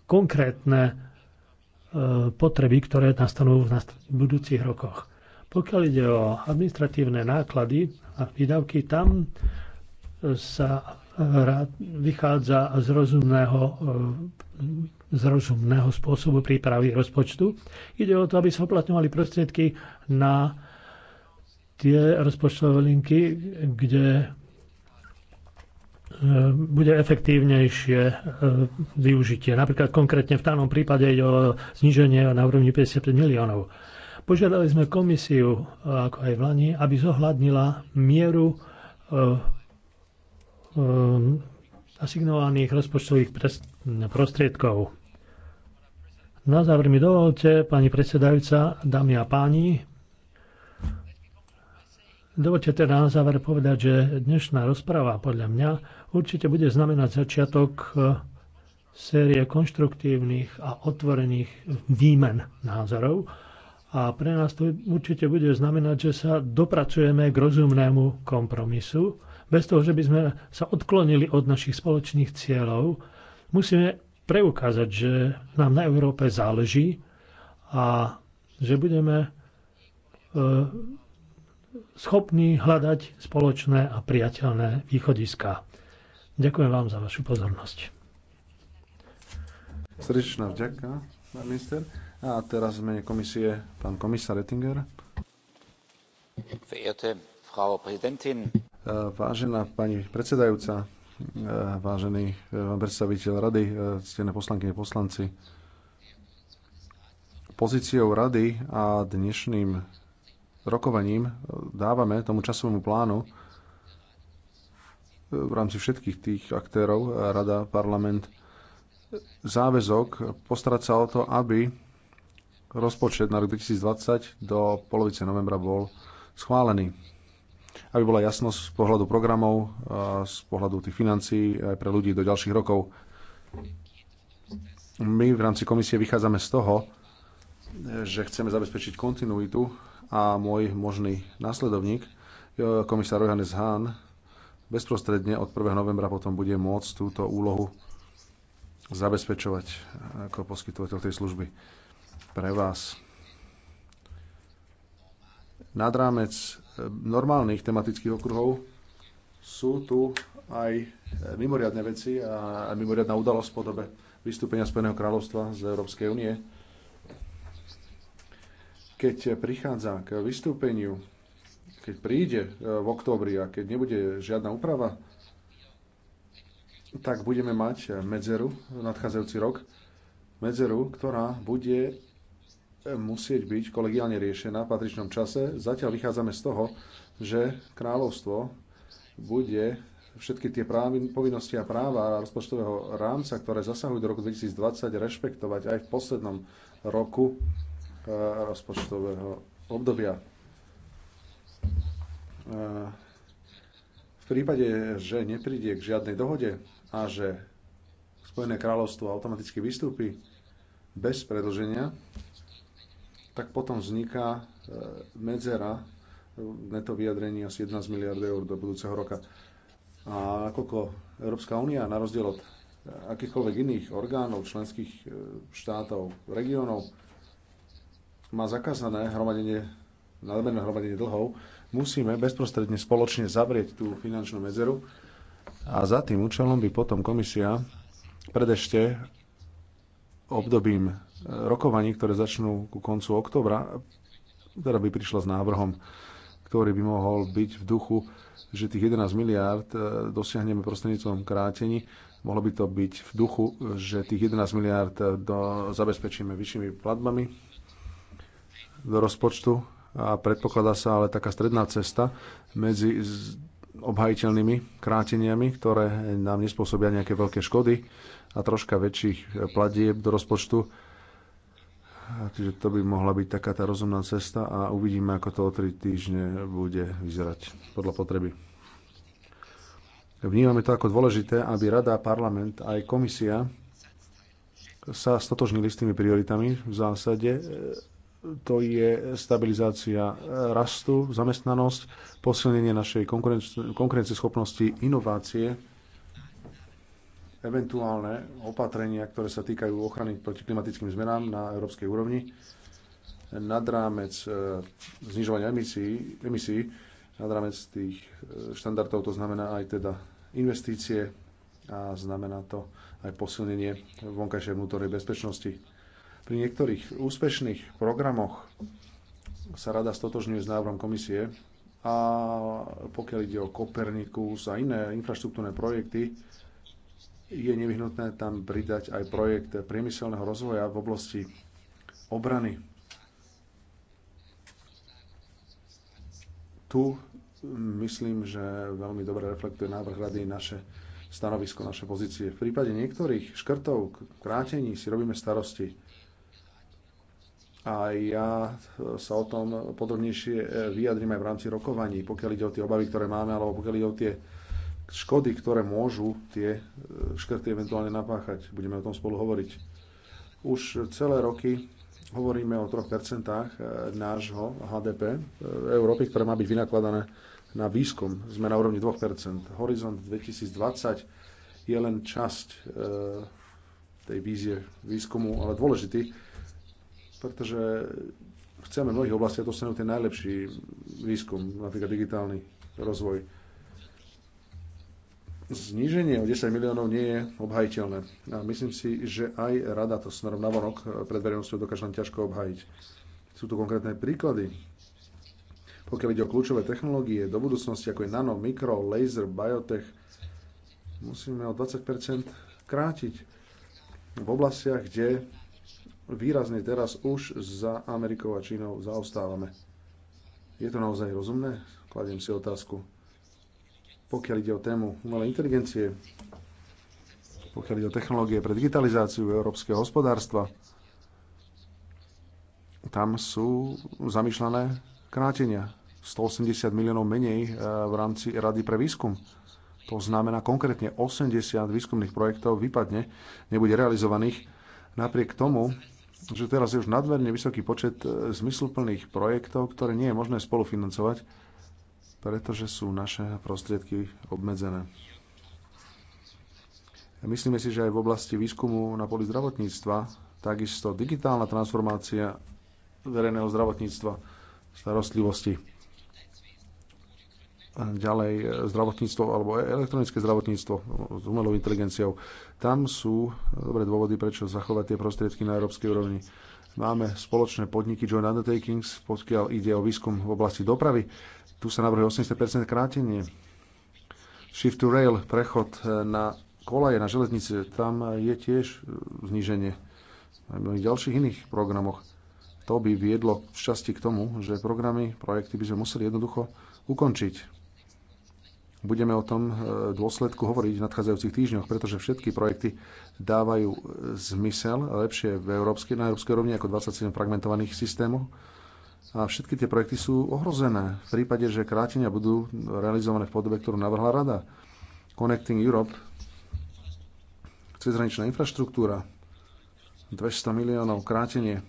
konkrétne e, potreby, ktoré nastanú v budúcich rokoch. Pokiaľ ide o administratívne náklady a výdavky, tam e, sa rád vychádza z rozumného, e, z rozumného spôsobu prípravy rozpočtu. Ide o to, aby sa uplatňovali prostriedky na tie rozpočtové linky, kde e, bude efektívnejšie e, využitie. Napríklad konkrétne v danom prípade ide o zniženie na úrovni 55 miliónov. Požiadali sme komisiu, ako aj v Lani, aby zohľadnila mieru e, asignovaných rozpočtových prostriedkov. Na záver mi dovolte, pani predsedajúca, dámy a páni, Dovolte teda na záver povedať, že dnešná rozpráva podľa mňa určite bude znamenať začiatok e, série konštruktívnych a otvorených výmen názorov a pre nás to určite bude znamenať, že sa dopracujeme k rozumnému kompromisu. Bez toho, že by sme sa odklonili od našich spoločných cieľov, musíme preukázať, že nám na Európe záleží a že budeme e, schopní hľadať spoločné a priateľné východiska. Ďakujem vám za vašu pozornosť. Srdečná vďaka, pán minister. A teraz v mene komisie pán komisár Rettinger. E, vážená pani predsedajúca, e, vážený pán e, predstaviteľ rady, ctené poslankyne poslanci. Pozíciou rady a dnešným rokovaním e, dávame tomu časovému plánu e, v rámci všetkých tých aktérov, e, rada, parlament, záväzok postarať sa o to, aby rozpočet na rok 2020 do polovice novembra bol schválený. Aby bola jasnosť z pohľadu programov, z pohľadu tých financií aj pre ľudí do ďalších rokov. My v rámci komisie vychádzame z toho, že chceme zabezpečiť kontinuitu a môj možný následovník, e, komisár Johannes Hahn, bezprostredne od 1. novembra potom bude môcť túto úlohu zabezpečovať ako poskytovateľ tej služby pre vás. Nad rámec e, normálnych tematických okruhov sú tu aj mimoriadne veci a mimoriadná udalosť v podobe vystúpenia Spojeného kráľovstva z Európskej únie keď prichádza k vystúpeniu, keď príde e, v októbri a keď nebude žiadna úprava, tak budeme mať medzeru nadchádzajúci rok, medzeru, ktorá bude musieť byť kolegiálne riešená v patričnom čase. Zatiaľ vychádzame z toho, že kráľovstvo bude všetky tie právy, povinnosti a práva rozpočtového rámca, ktoré zasahujú do roku 2020, rešpektovať aj v poslednom roku rozpočtového obdobia. V prípade, že nepríde k žiadnej dohode a že Spojené kráľovstvo automaticky vystúpi bez predlženia, tak potom vzniká e, medzera neto vyjadrení asi 11 miliard eur do budúceho roka. A akoľko Európska únia, na rozdiel od e, akýchkoľvek iných orgánov, členských e, štátov, regiónov, má zakázané hromadenie, nadmerné hromadenie dlhov, musíme bezprostredne spoločne zavrieť tú finančnú medzeru a za tým účelom by potom komisia predešte obdobím e, rokovaní, ktoré začnú ku koncu oktobra, ktorá by prišla s návrhom, ktorý by mohol byť v duchu, že tých 11 miliárd e, dosiahneme prostredníctvom krátení. Mohlo by to byť v duchu, že tých 11 miliárd e, do, zabezpečíme vyššími platbami do rozpočtu a predpokladá sa ale taká stredná cesta medzi obhajiteľnými kráteniami, ktoré nám nespôsobia nejaké veľké škody a troška väčších platieb do rozpočtu. Takže to by mohla byť taká tá rozumná cesta a uvidíme, ako to o tri týždne bude vyzerať podľa potreby. Vnímame to ako dôležité, aby Rada, Parlament aj Komisia sa stotožnili s tými prioritami v zásade to je stabilizácia e, rastu, zamestnanosť, posilnenie našej konkurencieschopnosti, inovácie, eventuálne opatrenia, ktoré sa týkajú ochrany proti klimatickým zmenám na európskej úrovni, nad rámec e, znižovania emisí, emisí nad rámec tých e, štandardov, to znamená aj teda investície a znamená to aj posilnenie vonkajšej vnútornej bezpečnosti pri niektorých úspešných programoch sa rada stotožňuje s návrhom komisie a pokiaľ ide o Kopernikus a iné infraštruktúrne projekty, je nevyhnutné tam pridať aj projekt priemyselného rozvoja v oblasti obrany. Tu myslím, že veľmi dobre reflektuje návrh rady naše stanovisko, naše pozície. V prípade niektorých škrtov, krátení si robíme starosti a ja sa o tom podrobnejšie eh, vyjadrím aj v rámci rokovaní, pokiaľ ide o tie obavy, ktoré máme, alebo pokiaľ ide o tie škody, ktoré môžu tie eh, škrty eventuálne napáchať. Budeme o tom spolu hovoriť. Už celé roky hovoríme o 3% eh, nášho HDP v Európy, ktoré má byť vynakladané na výskum. Sme na úrovni 2%. Horizont 2020 je len časť tej vízie výskumu, ale dôležitý pretože chceme v mnohých oblastiach dosiahnuť ten najlepší výskum, napríklad digitálny rozvoj. Zníženie o 10 miliónov nie je obhajiteľné. A myslím si, že aj rada to smerom na vonok eh, pred verejnosťou dokáže len ťažko obhajiť. Sú tu konkrétne príklady. Pokiaľ ide o kľúčové technológie do budúcnosti, ako je nano, mikro, laser, biotech, musíme o 20 krátiť v oblastiach, kde výrazne teraz už za Amerikou a Čínou zaostávame. Je to naozaj rozumné? Kladiem si otázku. Pokiaľ ide o tému umelej inteligencie, pokiaľ ide o technológie pre digitalizáciu európskeho hospodárstva, tam sú zamýšľané krátenia. 180 miliónov menej eh, v rámci Rady pre výskum. To znamená konkrétne 80 výskumných projektov vypadne, nebude realizovaných. Napriek tomu že teraz je už nadmerne vysoký počet e, zmysluplných projektov, ktoré nie je možné spolufinancovať, pretože sú naše prostriedky obmedzené. Myslíme si, že aj v oblasti výskumu na poli zdravotníctva, takisto digitálna transformácia verejného zdravotníctva starostlivosti ďalej e, zdravotníctvo alebo e, elektronické zdravotníctvo e, s umelou inteligenciou. Tam sú dobré dôvody, prečo zachovať tie prostriedky na európskej úrovni. Máme spoločné podniky Joint Undertakings, pokiaľ ide o výskum v oblasti dopravy. Tu sa navrhuje 80% krátenie. Shift to rail, prechod na kolaje, na železnice, tam je tiež zníženie. Aj v ďalších iných programoch. To by viedlo v časti k tomu, že programy, projekty by sme museli jednoducho ukončiť Budeme o tom e, dôsledku hovoriť v nadchádzajúcich týždňoch, pretože všetky projekty dávajú e, zmysel lepšie v európskej, na európskej rovni ako 27 fragmentovaných systémov. A všetky tie projekty sú ohrozené v prípade, že krátenia budú realizované v podobe, ktorú navrhla Rada. Connecting Europe, cezhraničná infraštruktúra, 200 miliónov krátenie.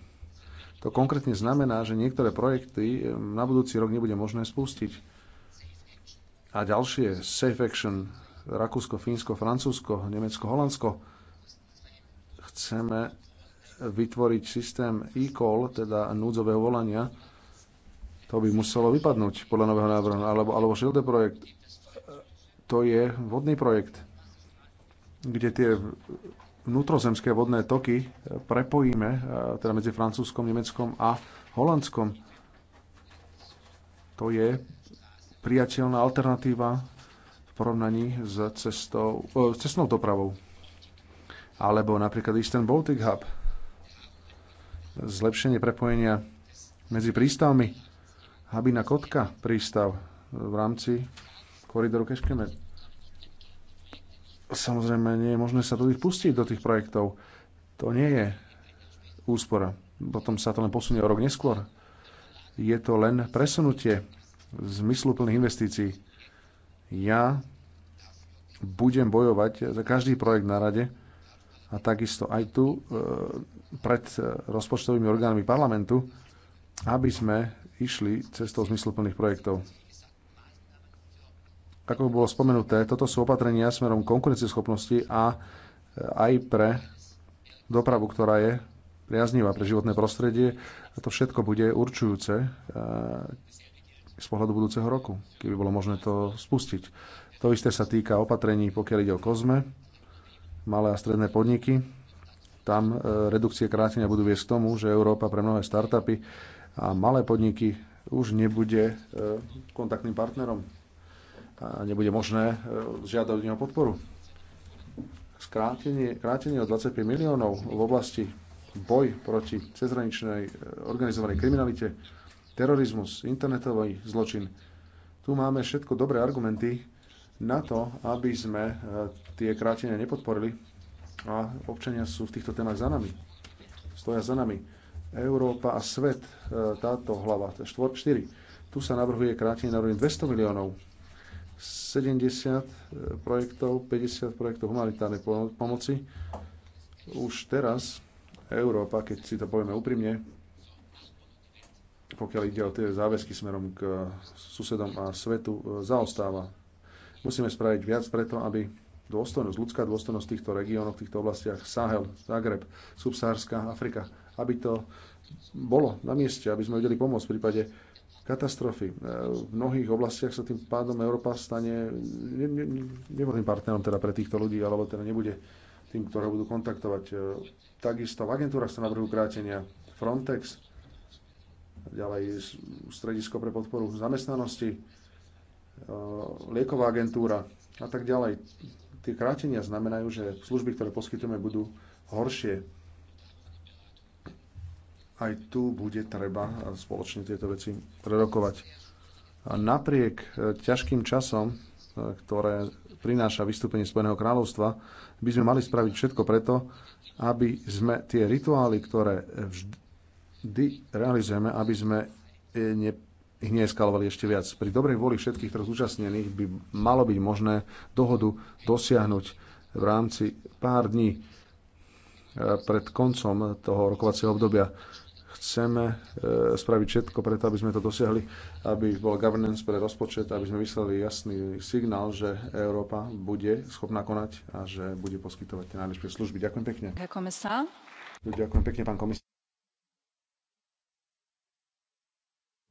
To konkrétne znamená, že niektoré projekty e, na budúci rok nebude možné spustiť a ďalšie Safe Action Rakúsko, Fínsko, Francúzsko, Nemecko, Holandsko. Chceme vytvoriť systém e-call, teda núdzového volania. To by muselo vypadnúť podľa nového návrhu. Alebo, alebo Šilde projekt. To je vodný projekt, kde tie vnútrozemské vodné toky prepojíme teda medzi Francúzskom, Nemeckom a Holandskom. To je priateľná alternatíva v porovnaní s cestou, e, cestnou dopravou. Alebo napríklad Eastern Baltic Hub. Zlepšenie prepojenia medzi prístavmi. Habina Kotka prístav v rámci koridoru Keškemer. Samozrejme, nie je možné sa do tých pustiť, do tých projektov. To nie je úspora. Potom sa to len posunie o rok neskôr. Je to len presunutie zmysluplných investícií. Ja budem bojovať za každý projekt na rade a takisto aj tu e, pred e, rozpočtovými orgánmi parlamentu, aby sme išli cestou zmysluplných projektov. Ako bolo spomenuté, toto sú opatrenia smerom konkurencieschopnosti a e, aj pre dopravu, ktorá je priaznivá pre životné prostredie. A to všetko bude určujúce, z pohľadu budúceho roku, keby bolo možné to spustiť. To isté sa týka opatrení, pokiaľ ide o kozme, malé a stredné podniky. Tam e, redukcie krátenia budú viesť k tomu, že Európa pre mnohé startupy a malé podniky už nebude e, kontaktným partnerom a nebude možné e, žiadať od neho podporu. Skrátenie, krátenie o 25 miliónov v oblasti boj proti cezhraničnej organizovanej kriminalite terorizmus, internetový zločin. Tu máme všetko dobré argumenty na to, aby sme e, tie krátenia nepodporili a občania sú v týchto témach za nami. Stoja za nami. Európa a svet, e, táto hlava, 4. Tu sa navrhuje krátenie na úrovni 200 miliónov. 70 e, projektov, 50 projektov humanitárnej pomoci. Už teraz Európa, keď si to povieme úprimne, pokiaľ ide o tie záväzky smerom k susedom a svetu, e, zaostáva. Musíme spraviť viac preto, aby dôstojnosť, ľudská dôstojnosť týchto regiónov, v týchto oblastiach, Sahel, Zagreb, Subsárska Afrika, aby to bolo na mieste, aby sme vedeli pomôcť v prípade katastrofy. E, v mnohých oblastiach sa tým pádom Európa stane ne, ne, partnerom teda pre týchto ľudí, alebo teda nebude tým, ktorého budú kontaktovať. E, takisto v agentúrach sa navrhujú krátenia Frontex, ďalej stredisko pre podporu zamestnanosti, e, lieková agentúra a tak ďalej. Tie krátenia znamenajú, že služby, ktoré poskytujeme, budú horšie. Aj tu bude treba spoločne tieto veci prerokovať. A napriek e, ťažkým časom, e, ktoré prináša vystúpenie Spojeného kráľovstva, by sme mali spraviť všetko preto, aby sme tie rituály, ktoré vždy, realizujeme, aby sme e, ne, ich neeskalovali ešte viac. Pri dobrej vôli všetkých troch zúčastnených by malo byť možné dohodu dosiahnuť v rámci pár dní e, pred koncom toho rokovacieho obdobia. Chceme e, spraviť všetko preto, aby sme to dosiahli, aby bol governance pre rozpočet, aby sme vyslali jasný signál, že Európa bude schopná konať a že bude poskytovať tie najlepšie služby. Ďakujem pekne. Ďakujem pekne, pán komisár.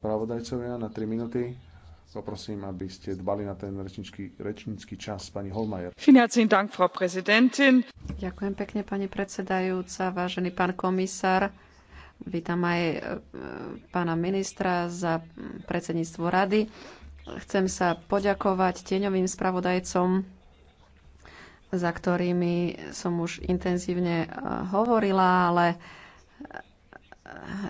spravodajcovia na 3 minúty. Poprosím, aby ste dbali na ten rečnícky, rečnícky čas, pani Holmajer. Ďakujem pekne, pani predsedajúca, vážený pán komisár. Vítam aj e, pána ministra za predsedníctvo rady. Chcem sa poďakovať tieňovým spravodajcom, za ktorými som už intenzívne e, hovorila, ale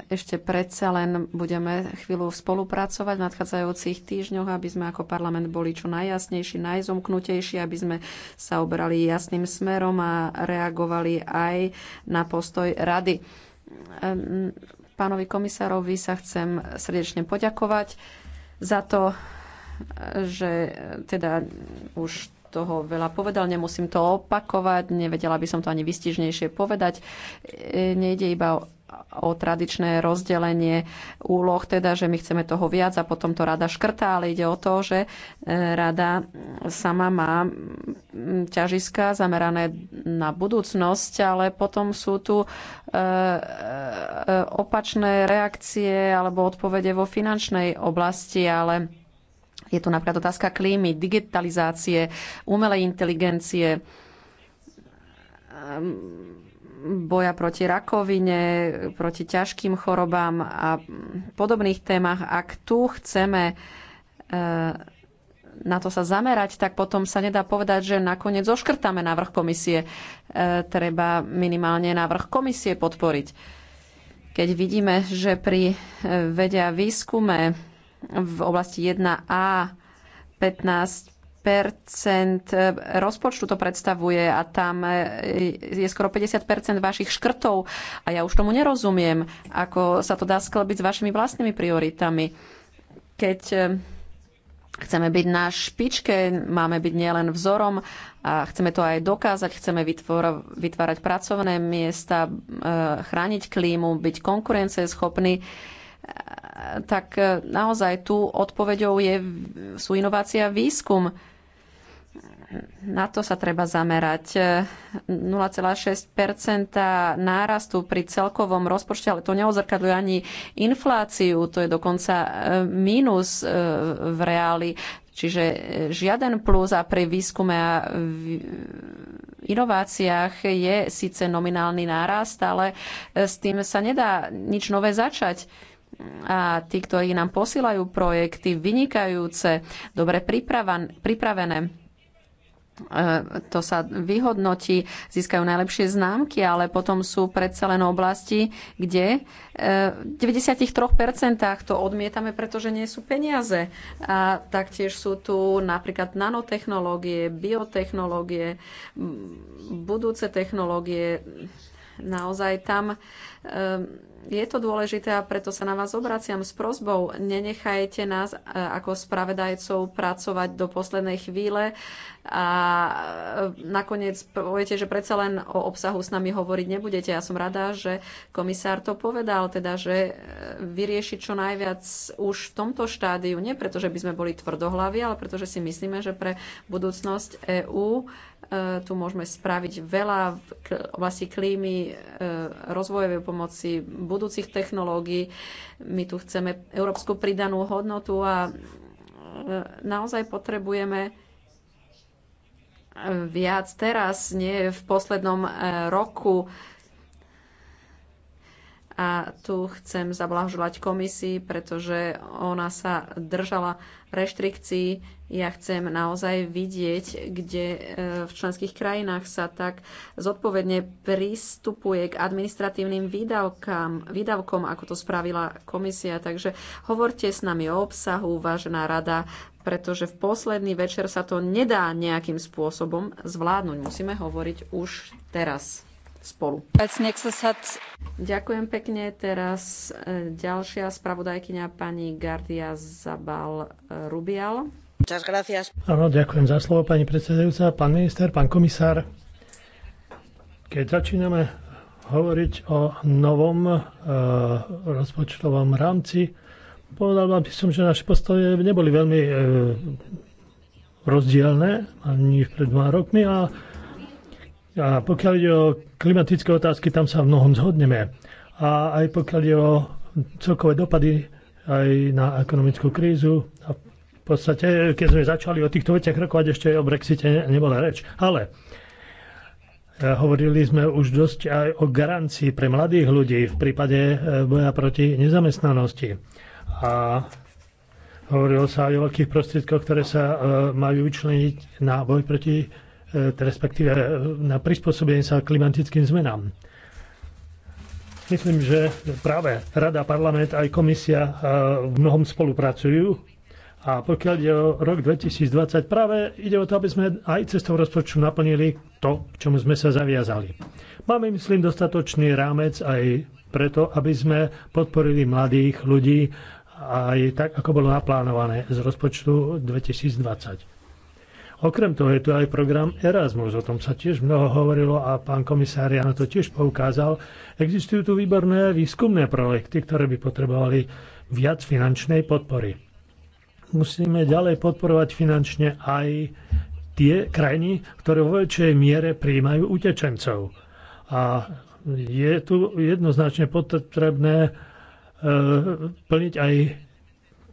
ešte predsa len budeme chvíľu spolupracovať v nadchádzajúcich týždňoch, aby sme ako parlament boli čo najjasnejší, najzomknutejší, aby sme sa obrali jasným smerom a reagovali aj na postoj rady. Pánovi komisárovi sa chcem srdečne poďakovať za to, že teda už toho veľa povedal, nemusím to opakovať, nevedela by som to ani vystižnejšie povedať. E, nejde iba o o tradičné rozdelenie úloh, teda, že my chceme toho viac a potom to rada škrtá, ale ide o to, že e, rada sama má ťažiska zamerané na budúcnosť, ale potom sú tu e, e, opačné reakcie alebo odpovede vo finančnej oblasti, ale je tu napríklad otázka klímy, digitalizácie, umelej inteligencie ehm, boja proti rakovine, proti ťažkým chorobám a podobných témach. Ak tu chceme e, na to sa zamerať, tak potom sa nedá povedať, že nakoniec zoškrtáme návrh komisie. E, treba minimálne návrh komisie podporiť. Keď vidíme, že pri e, vede a výskume v oblasti 1a 15 rozpočtu to predstavuje a tam e, je skoro 50 vašich škrtov a ja už tomu nerozumiem, ako sa to dá sklbiť s vašimi vlastnými prioritami. Keď e, chceme byť na špičke, máme byť nielen vzorom a chceme to aj dokázať, chceme vytvor, vytvárať pracovné miesta, e, chrániť klímu, byť konkurencieschopný, tak naozaj tu odpoveďou je, sú inovácia a výskum na to sa treba zamerať. 0,6 nárastu pri celkovom rozpočte, ale to neozrkadľuje ani infláciu, to je dokonca e, mínus e, v reáli. Čiže e, žiaden plus a pri výskume a inováciách je síce nominálny nárast, ale s tým sa nedá nič nové začať a tí, ktorí nám posílajú projekty vynikajúce, dobre pripravené, E, to sa vyhodnotí, získajú najlepšie známky, ale potom sú predsa len oblasti, kde e, v 93% to odmietame, pretože nie sú peniaze. A taktiež sú tu napríklad nanotechnológie, biotechnológie, budúce technológie, naozaj tam ehm, je to dôležité a preto sa na vás obraciam s prozbou. Nenechajte nás e, ako spravedajcov pracovať do poslednej chvíle a e, nakoniec poviete, že predsa len o obsahu s nami hovoriť nebudete. Ja som rada, že komisár to povedal, teda, že e, vyrieši čo najviac už v tomto štádiu, nie preto, že by sme boli tvrdohlaví, ale pretože si myslíme, že pre budúcnosť EÚ E, tu môžeme spraviť veľa v oblasti klímy, e, rozvojovej pomoci, budúcich technológií. My tu chceme európsku pridanú hodnotu a e, naozaj potrebujeme viac teraz, nie v poslednom roku a tu chcem zablahoželať komisii, pretože ona sa držala reštrikcií. Ja chcem naozaj vidieť, kde e, v členských krajinách sa tak zodpovedne pristupuje k administratívnym výdavkám, výdavkom, ako to spravila komisia. Takže hovorte s nami o obsahu, vážená rada, pretože v posledný večer sa to nedá nejakým spôsobom zvládnuť. Musíme hovoriť už teraz spolu. Ďakujem pekne. Teraz e, ďalšia spravodajkyňa pani Gardia Zabal Rubial. Áno, ďakujem za slovo, pani predsedajúca, pán minister, pán komisár. Keď začíname hovoriť o novom e, rozpočtovom rámci, povedal by som, že naše postoje neboli veľmi e, rozdielne ani pred dvoma rokmi a a pokiaľ ide o klimatické otázky, tam sa v mnohom zhodneme. A aj pokiaľ ide o celkové dopady aj na ekonomickú krízu. A v podstate, keď sme začali o týchto veciach rokovať, ešte o Brexite nebola reč. Ale e, hovorili sme už dosť aj o garancii pre mladých ľudí v prípade e, boja proti nezamestnanosti. A hovorilo sa aj o veľkých prostriedkoch, ktoré sa e, majú vyčleniť na boj proti E, respektíve e, na prispôsobenie sa klimatickým zmenám. Myslím, že práve Rada, parlament aj komisia e, v mnohom spolupracujú a pokiaľ ide o rok 2020, práve ide o to, aby sme aj cestou rozpočtu naplnili to, k čomu sme sa zaviazali. Máme, myslím, dostatočný rámec aj preto, aby sme podporili mladých ľudí aj tak, ako bolo naplánované z rozpočtu 2020. Okrem toho je tu aj program Erasmus, o tom sa tiež mnoho hovorilo a pán komisár na to tiež poukázal. Existujú tu výborné výskumné projekty, ktoré by potrebovali viac finančnej podpory. Musíme ďalej podporovať finančne aj tie krajiny, ktoré vo väčšej miere príjmajú utečencov. A je tu jednoznačne potrebné e, plniť aj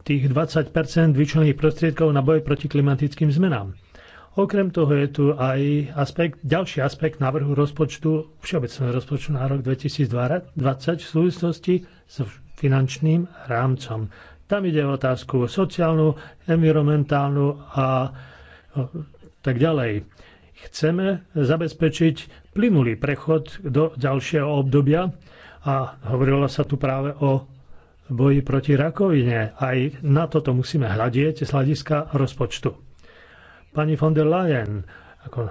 tých 20 vyčlených prostriedkov na boj proti klimatickým zmenám. Okrem toho je tu aj aspekt, ďalší aspekt návrhu rozpočtu, všeobecného rozpočtu na rok 2020 v súvislosti s finančným rámcom. Tam ide o otázku sociálnu, environmentálnu a tak ďalej. Chceme zabezpečiť plynulý prechod do ďalšieho obdobia a hovorilo sa tu práve o boji proti rakovine. Aj na toto musíme hľadieť z hľadiska rozpočtu. Pani von der Leyen, ako e,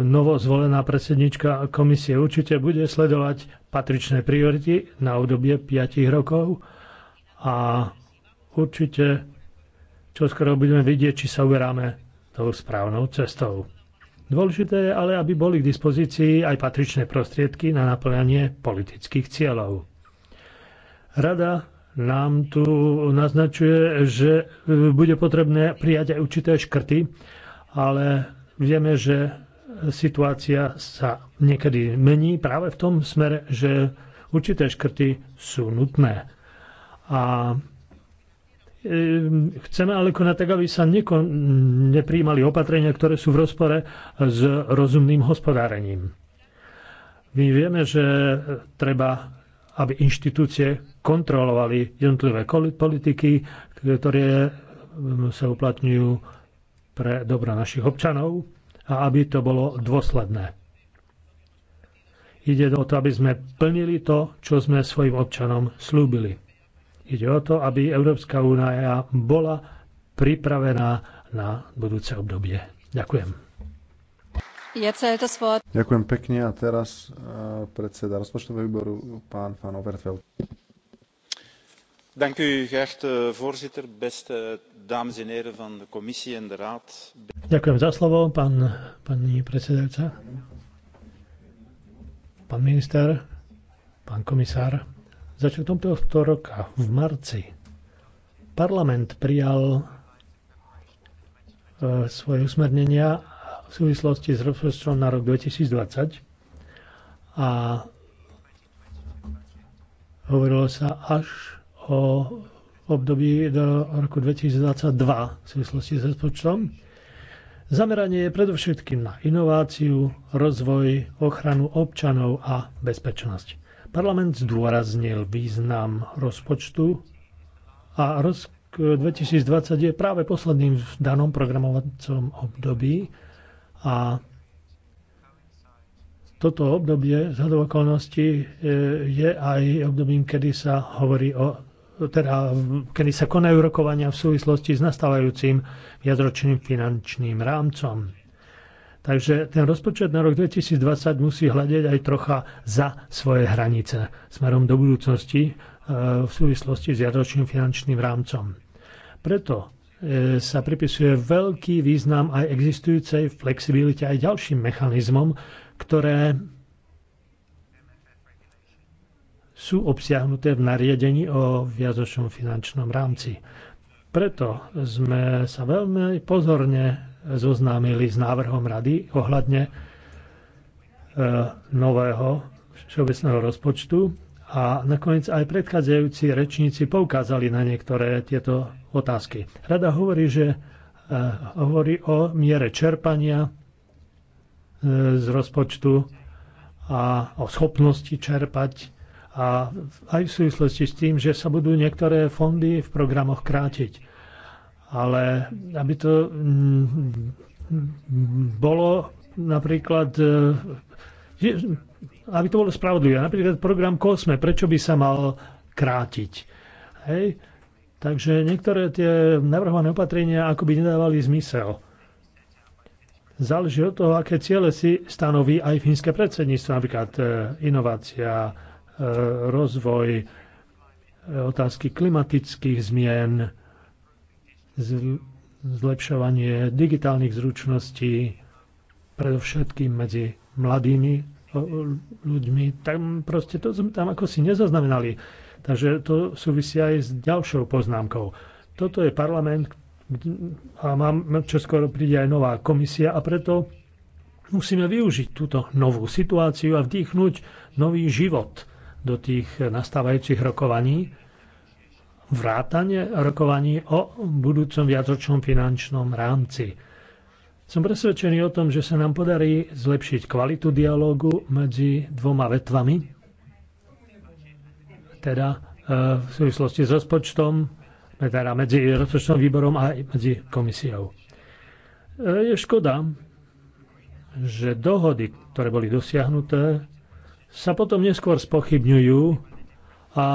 novozvolená predsednička komisie, určite bude sledovať patričné priority na obdobie 5 rokov a určite čo skoro budeme vidieť, či sa uberáme tou správnou cestou. Dôležité je ale, aby boli k dispozícii aj patričné prostriedky na naplňanie politických cieľov. Rada nám tu naznačuje, že e, bude potrebné prijať aj určité škrty ale vieme, že situácia sa niekedy mení práve v tom smere, že určité škrty sú nutné. A e, chceme ale konať tak, aby sa neko, nepríjmali opatrenia, ktoré sú v rozpore s rozumným hospodárením. My vieme, že treba, aby inštitúcie kontrolovali jednotlivé politiky, ktoré sa uplatňujú pre dobro našich občanov a aby to bolo dôsledné. Ide o to, aby sme plnili to, čo sme svojim občanom slúbili. Ide o to, aby Európska únia bola pripravená na budúce obdobie. Ďakujem. Ďakujem pekne a teraz eh, predseda rozpočtového výboru pán Fan Overfeld. Ďakujem za slovo, pán, pani predsedajúca. Pán minister, pán komisár, začiatkom tohto roka v marci parlament prijal e, svoje usmernenia v súvislosti s rozpočtom na rok 2020 a hovorilo sa až o období do roku 2022 v súvislosti s rozpočtom. Zameranie je predovšetkým na inováciu, rozvoj, ochranu občanov a bezpečnosť. Parlament zdôraznil význam rozpočtu a roz 2020 je práve posledným v danom programovacom období a toto obdobie z okolností e, je aj obdobím, kedy sa hovorí o teda, kedy sa konajú rokovania v súvislosti s nastávajúcim viacročným finančným rámcom. Takže ten rozpočet na rok 2020 musí hľadať aj trocha za svoje hranice smerom do budúcnosti e, v súvislosti s jadročným finančným rámcom. Preto e, sa pripisuje veľký význam aj existujúcej flexibilite aj ďalším mechanizmom, ktoré sú obsiahnuté v nariadení o viazočnom finančnom rámci. Preto sme sa veľmi pozorne zoznámili s návrhom rady ohľadne e, nového všeobecného rozpočtu a nakoniec aj predchádzajúci rečníci poukázali na niektoré tieto otázky. Rada hovorí, že e, hovorí o miere čerpania e, z rozpočtu a o schopnosti čerpať a aj v súvislosti s tým, že sa budú niektoré fondy v programoch krátiť. Ale aby to mm, bolo napríklad e, aby to bolo spravodlivé. Napríklad program Kosme, prečo by sa mal krátiť? Hej? Takže niektoré tie navrhované opatrenia ako by nedávali zmysel. Záleží od toho, aké ciele si stanoví aj fínske predsedníctvo, napríklad e, inovácia, rozvoj, e, otázky klimatických zmien, zlepšovanie digitálnych zručností, predovšetkým medzi mladými ľuďmi. Tam proste to sme tam ako si nezaznamenali. Takže to súvisia aj s ďalšou poznámkou. Toto je parlament a mám, čo skoro príde aj nová komisia a preto musíme využiť túto novú situáciu a vdýchnuť nový život do tých nastávajúcich rokovaní, vrátanie rokovaní o budúcom viacročnom finančnom rámci. Som presvedčený o tom, že sa nám podarí zlepšiť kvalitu dialógu medzi dvoma vetvami, teda e, v súvislosti s rozpočtom, teda medzi rozpočtovým výborom a medzi komisiou. E, je škoda, že dohody, ktoré boli dosiahnuté sa potom neskôr spochybňujú a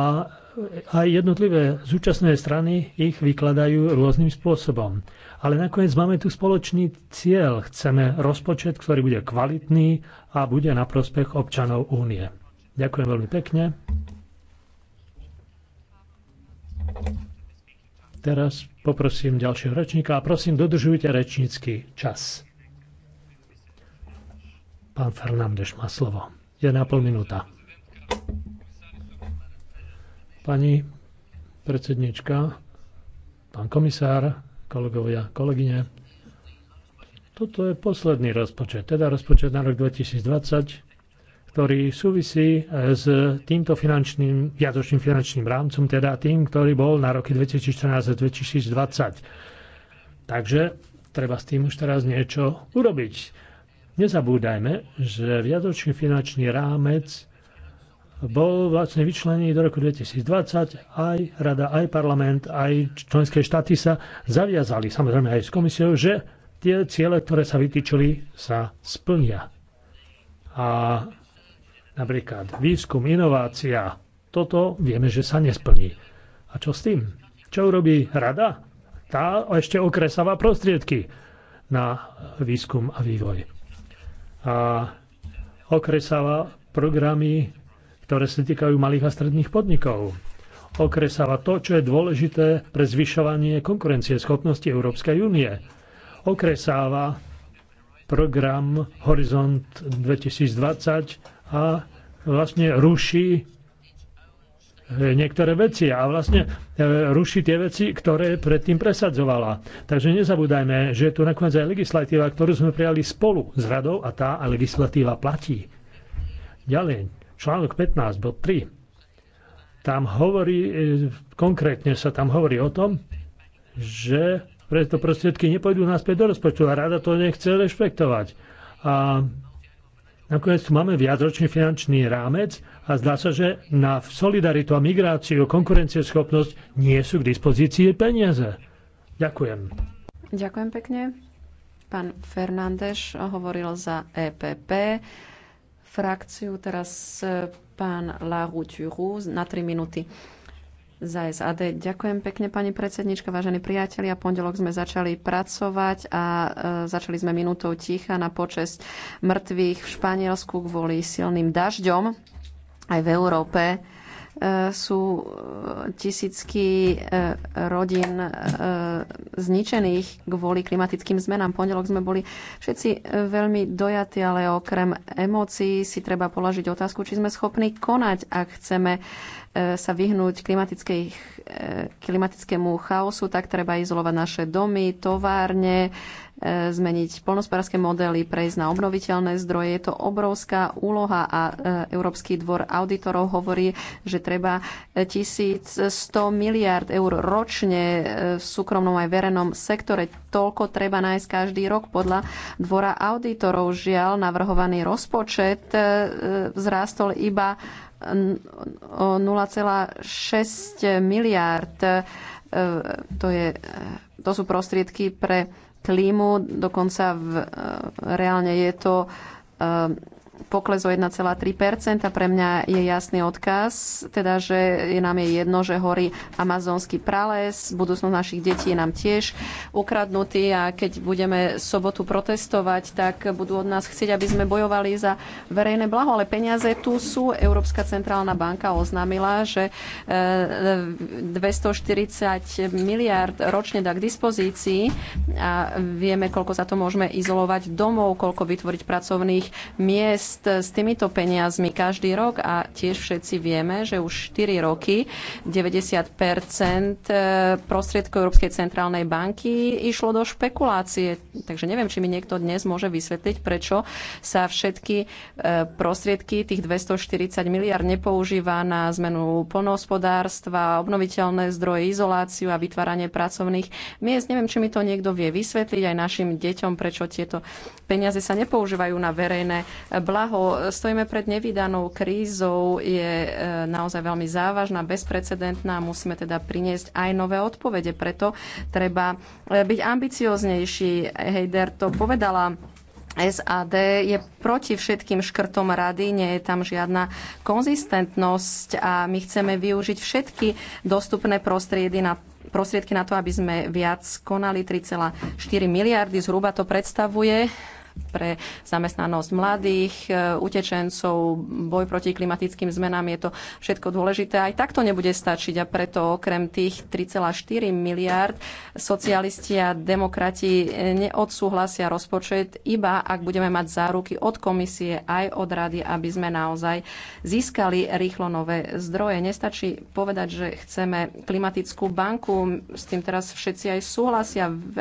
aj jednotlivé zúčastné strany ich vykladajú rôznym spôsobom. Ale nakoniec máme tu spoločný cieľ. Chceme rozpočet, ktorý bude kvalitný a bude na prospech občanov únie. Ďakujem veľmi pekne. Teraz poprosím ďalšieho rečníka a prosím, dodržujte rečnícky čas. Pán Fernández má slovo. 1,5 minúta. Pani predsednička, pán komisár, kolegovia, kolegyne, toto je posledný rozpočet, teda rozpočet na rok 2020, ktorý súvisí s týmto finančným, viatočným finančným rámcom, teda tým, ktorý bol na roky 2014 a 2020. Takže treba s tým už teraz niečo urobiť. Nezabúdajme, že viadočný finančný rámec bol vlastne vyčlenený do roku 2020. Aj rada, aj parlament, aj členské štáty sa zaviazali, samozrejme aj s komisiou, že tie ciele, ktoré sa vytýčili, sa splnia. A napríklad výskum, inovácia, toto vieme, že sa nesplní. A čo s tým? Čo urobí rada? Tá ešte okresáva prostriedky na výskum a vývoj a okresáva programy, ktoré sa týkajú malých a stredných podnikov. Okresáva to, čo je dôležité pre zvyšovanie konkurencie schopnosti Európskej únie. Okresáva program Horizont 2020 a vlastne ruší E, niektoré veci a vlastne e, ruší tie veci, ktoré predtým presadzovala. Takže nezabúdajme, že je tu nakoniec aj legislatíva, ktorú sme prijali spolu s radou a tá legislatíva platí. Ďalej, článok 15, bod 3. Tam hovorí, e, konkrétne sa tam hovorí o tom, že preto prostriedky nepôjdu náspäť do rozpočtu a rada to nechce rešpektovať. A Nakoniec tu máme viacročný finančný rámec a zdá sa, že na solidaritu a migráciu, konkurencieschopnosť nie sú k dispozícii peniaze. Ďakujem. Ďakujem pekne. Pán Fernández hovoril za EPP. Frakciu teraz eh, pán Lahu Turu na 3 minúty za SAD. Ďakujem pekne, pani predsednička, vážení priatelia. Pondelok sme začali pracovať a e, začali sme minútou ticha na počesť mŕtvych v Španielsku kvôli silným dažďom aj v Európe e, sú e, tisícky e, rodín zničených kvôli klimatickým zmenám. Pondelok sme boli všetci veľmi dojatí, ale okrem emócií si treba položiť otázku, či sme schopní konať, ak chceme sa vyhnúť eh, klimatickému chaosu, tak treba izolovať naše domy, továrne, eh, zmeniť polnospodárske modely, prejsť na obnoviteľné zdroje. Je to obrovská úloha a eh, Európsky dvor auditorov hovorí, že treba 1100 miliard eur ročne v súkromnom aj verejnom sektore. Toľko treba nájsť každý rok podľa dvora auditorov. Žiaľ, navrhovaný rozpočet vzrástol iba o 0,6 miliárd. E, to, je, to sú prostriedky pre klímu, dokonca v, e, reálne je to e, pokles o 1,3 Pre mňa je jasný odkaz, teda, že je nám je jedno, že horí amazonský prales, budúcnosť našich detí je nám tiež ukradnutý a keď budeme sobotu protestovať, tak budú od nás chcieť, aby sme bojovali za verejné blaho, ale peniaze tu sú. Európska centrálna banka oznámila, že 240 e, miliard ročne dá k dispozícii a vieme, koľko za to môžeme izolovať domov, koľko vytvoriť pracovných miest miest s týmito peniazmi každý rok a tiež všetci vieme, že už 4 roky 90 eh, prostriedkov Európskej centrálnej banky išlo do špekulácie. Takže neviem, či mi niekto dnes môže vysvetliť, prečo sa všetky eh, prostriedky, tých 240 miliard, nepoužíva na zmenu polnohospodárstva, obnoviteľné zdroje, izoláciu a vytváranie pracovných miest. Neviem, či mi to niekto vie vysvetliť aj našim deťom, prečo tieto peniaze sa nepoužívajú na verejné blaho. Stojíme pred nevydanou krízou, je e, naozaj veľmi závažná, bezprecedentná, musíme teda priniesť aj nové odpovede, preto treba e, byť ambicioznejší. Hejder to povedala. SAD je proti všetkým škrtom rady, nie je tam žiadna konzistentnosť a my chceme využiť všetky dostupné prostriedy na prostriedky na to, aby sme viac konali 3,4 miliardy, zhruba to predstavuje pre zamestnanosť mladých, e, utečencov, boj proti klimatickým zmenám. Je to všetko dôležité. Aj takto nebude stačiť a preto okrem tých 3,4 miliard socialisti a demokrati e, neodsúhlasia rozpočet, iba ak budeme mať záruky od komisie aj od rady, aby sme naozaj získali rýchlo nové zdroje. Nestačí povedať, že chceme klimatickú banku. S tým teraz všetci aj súhlasia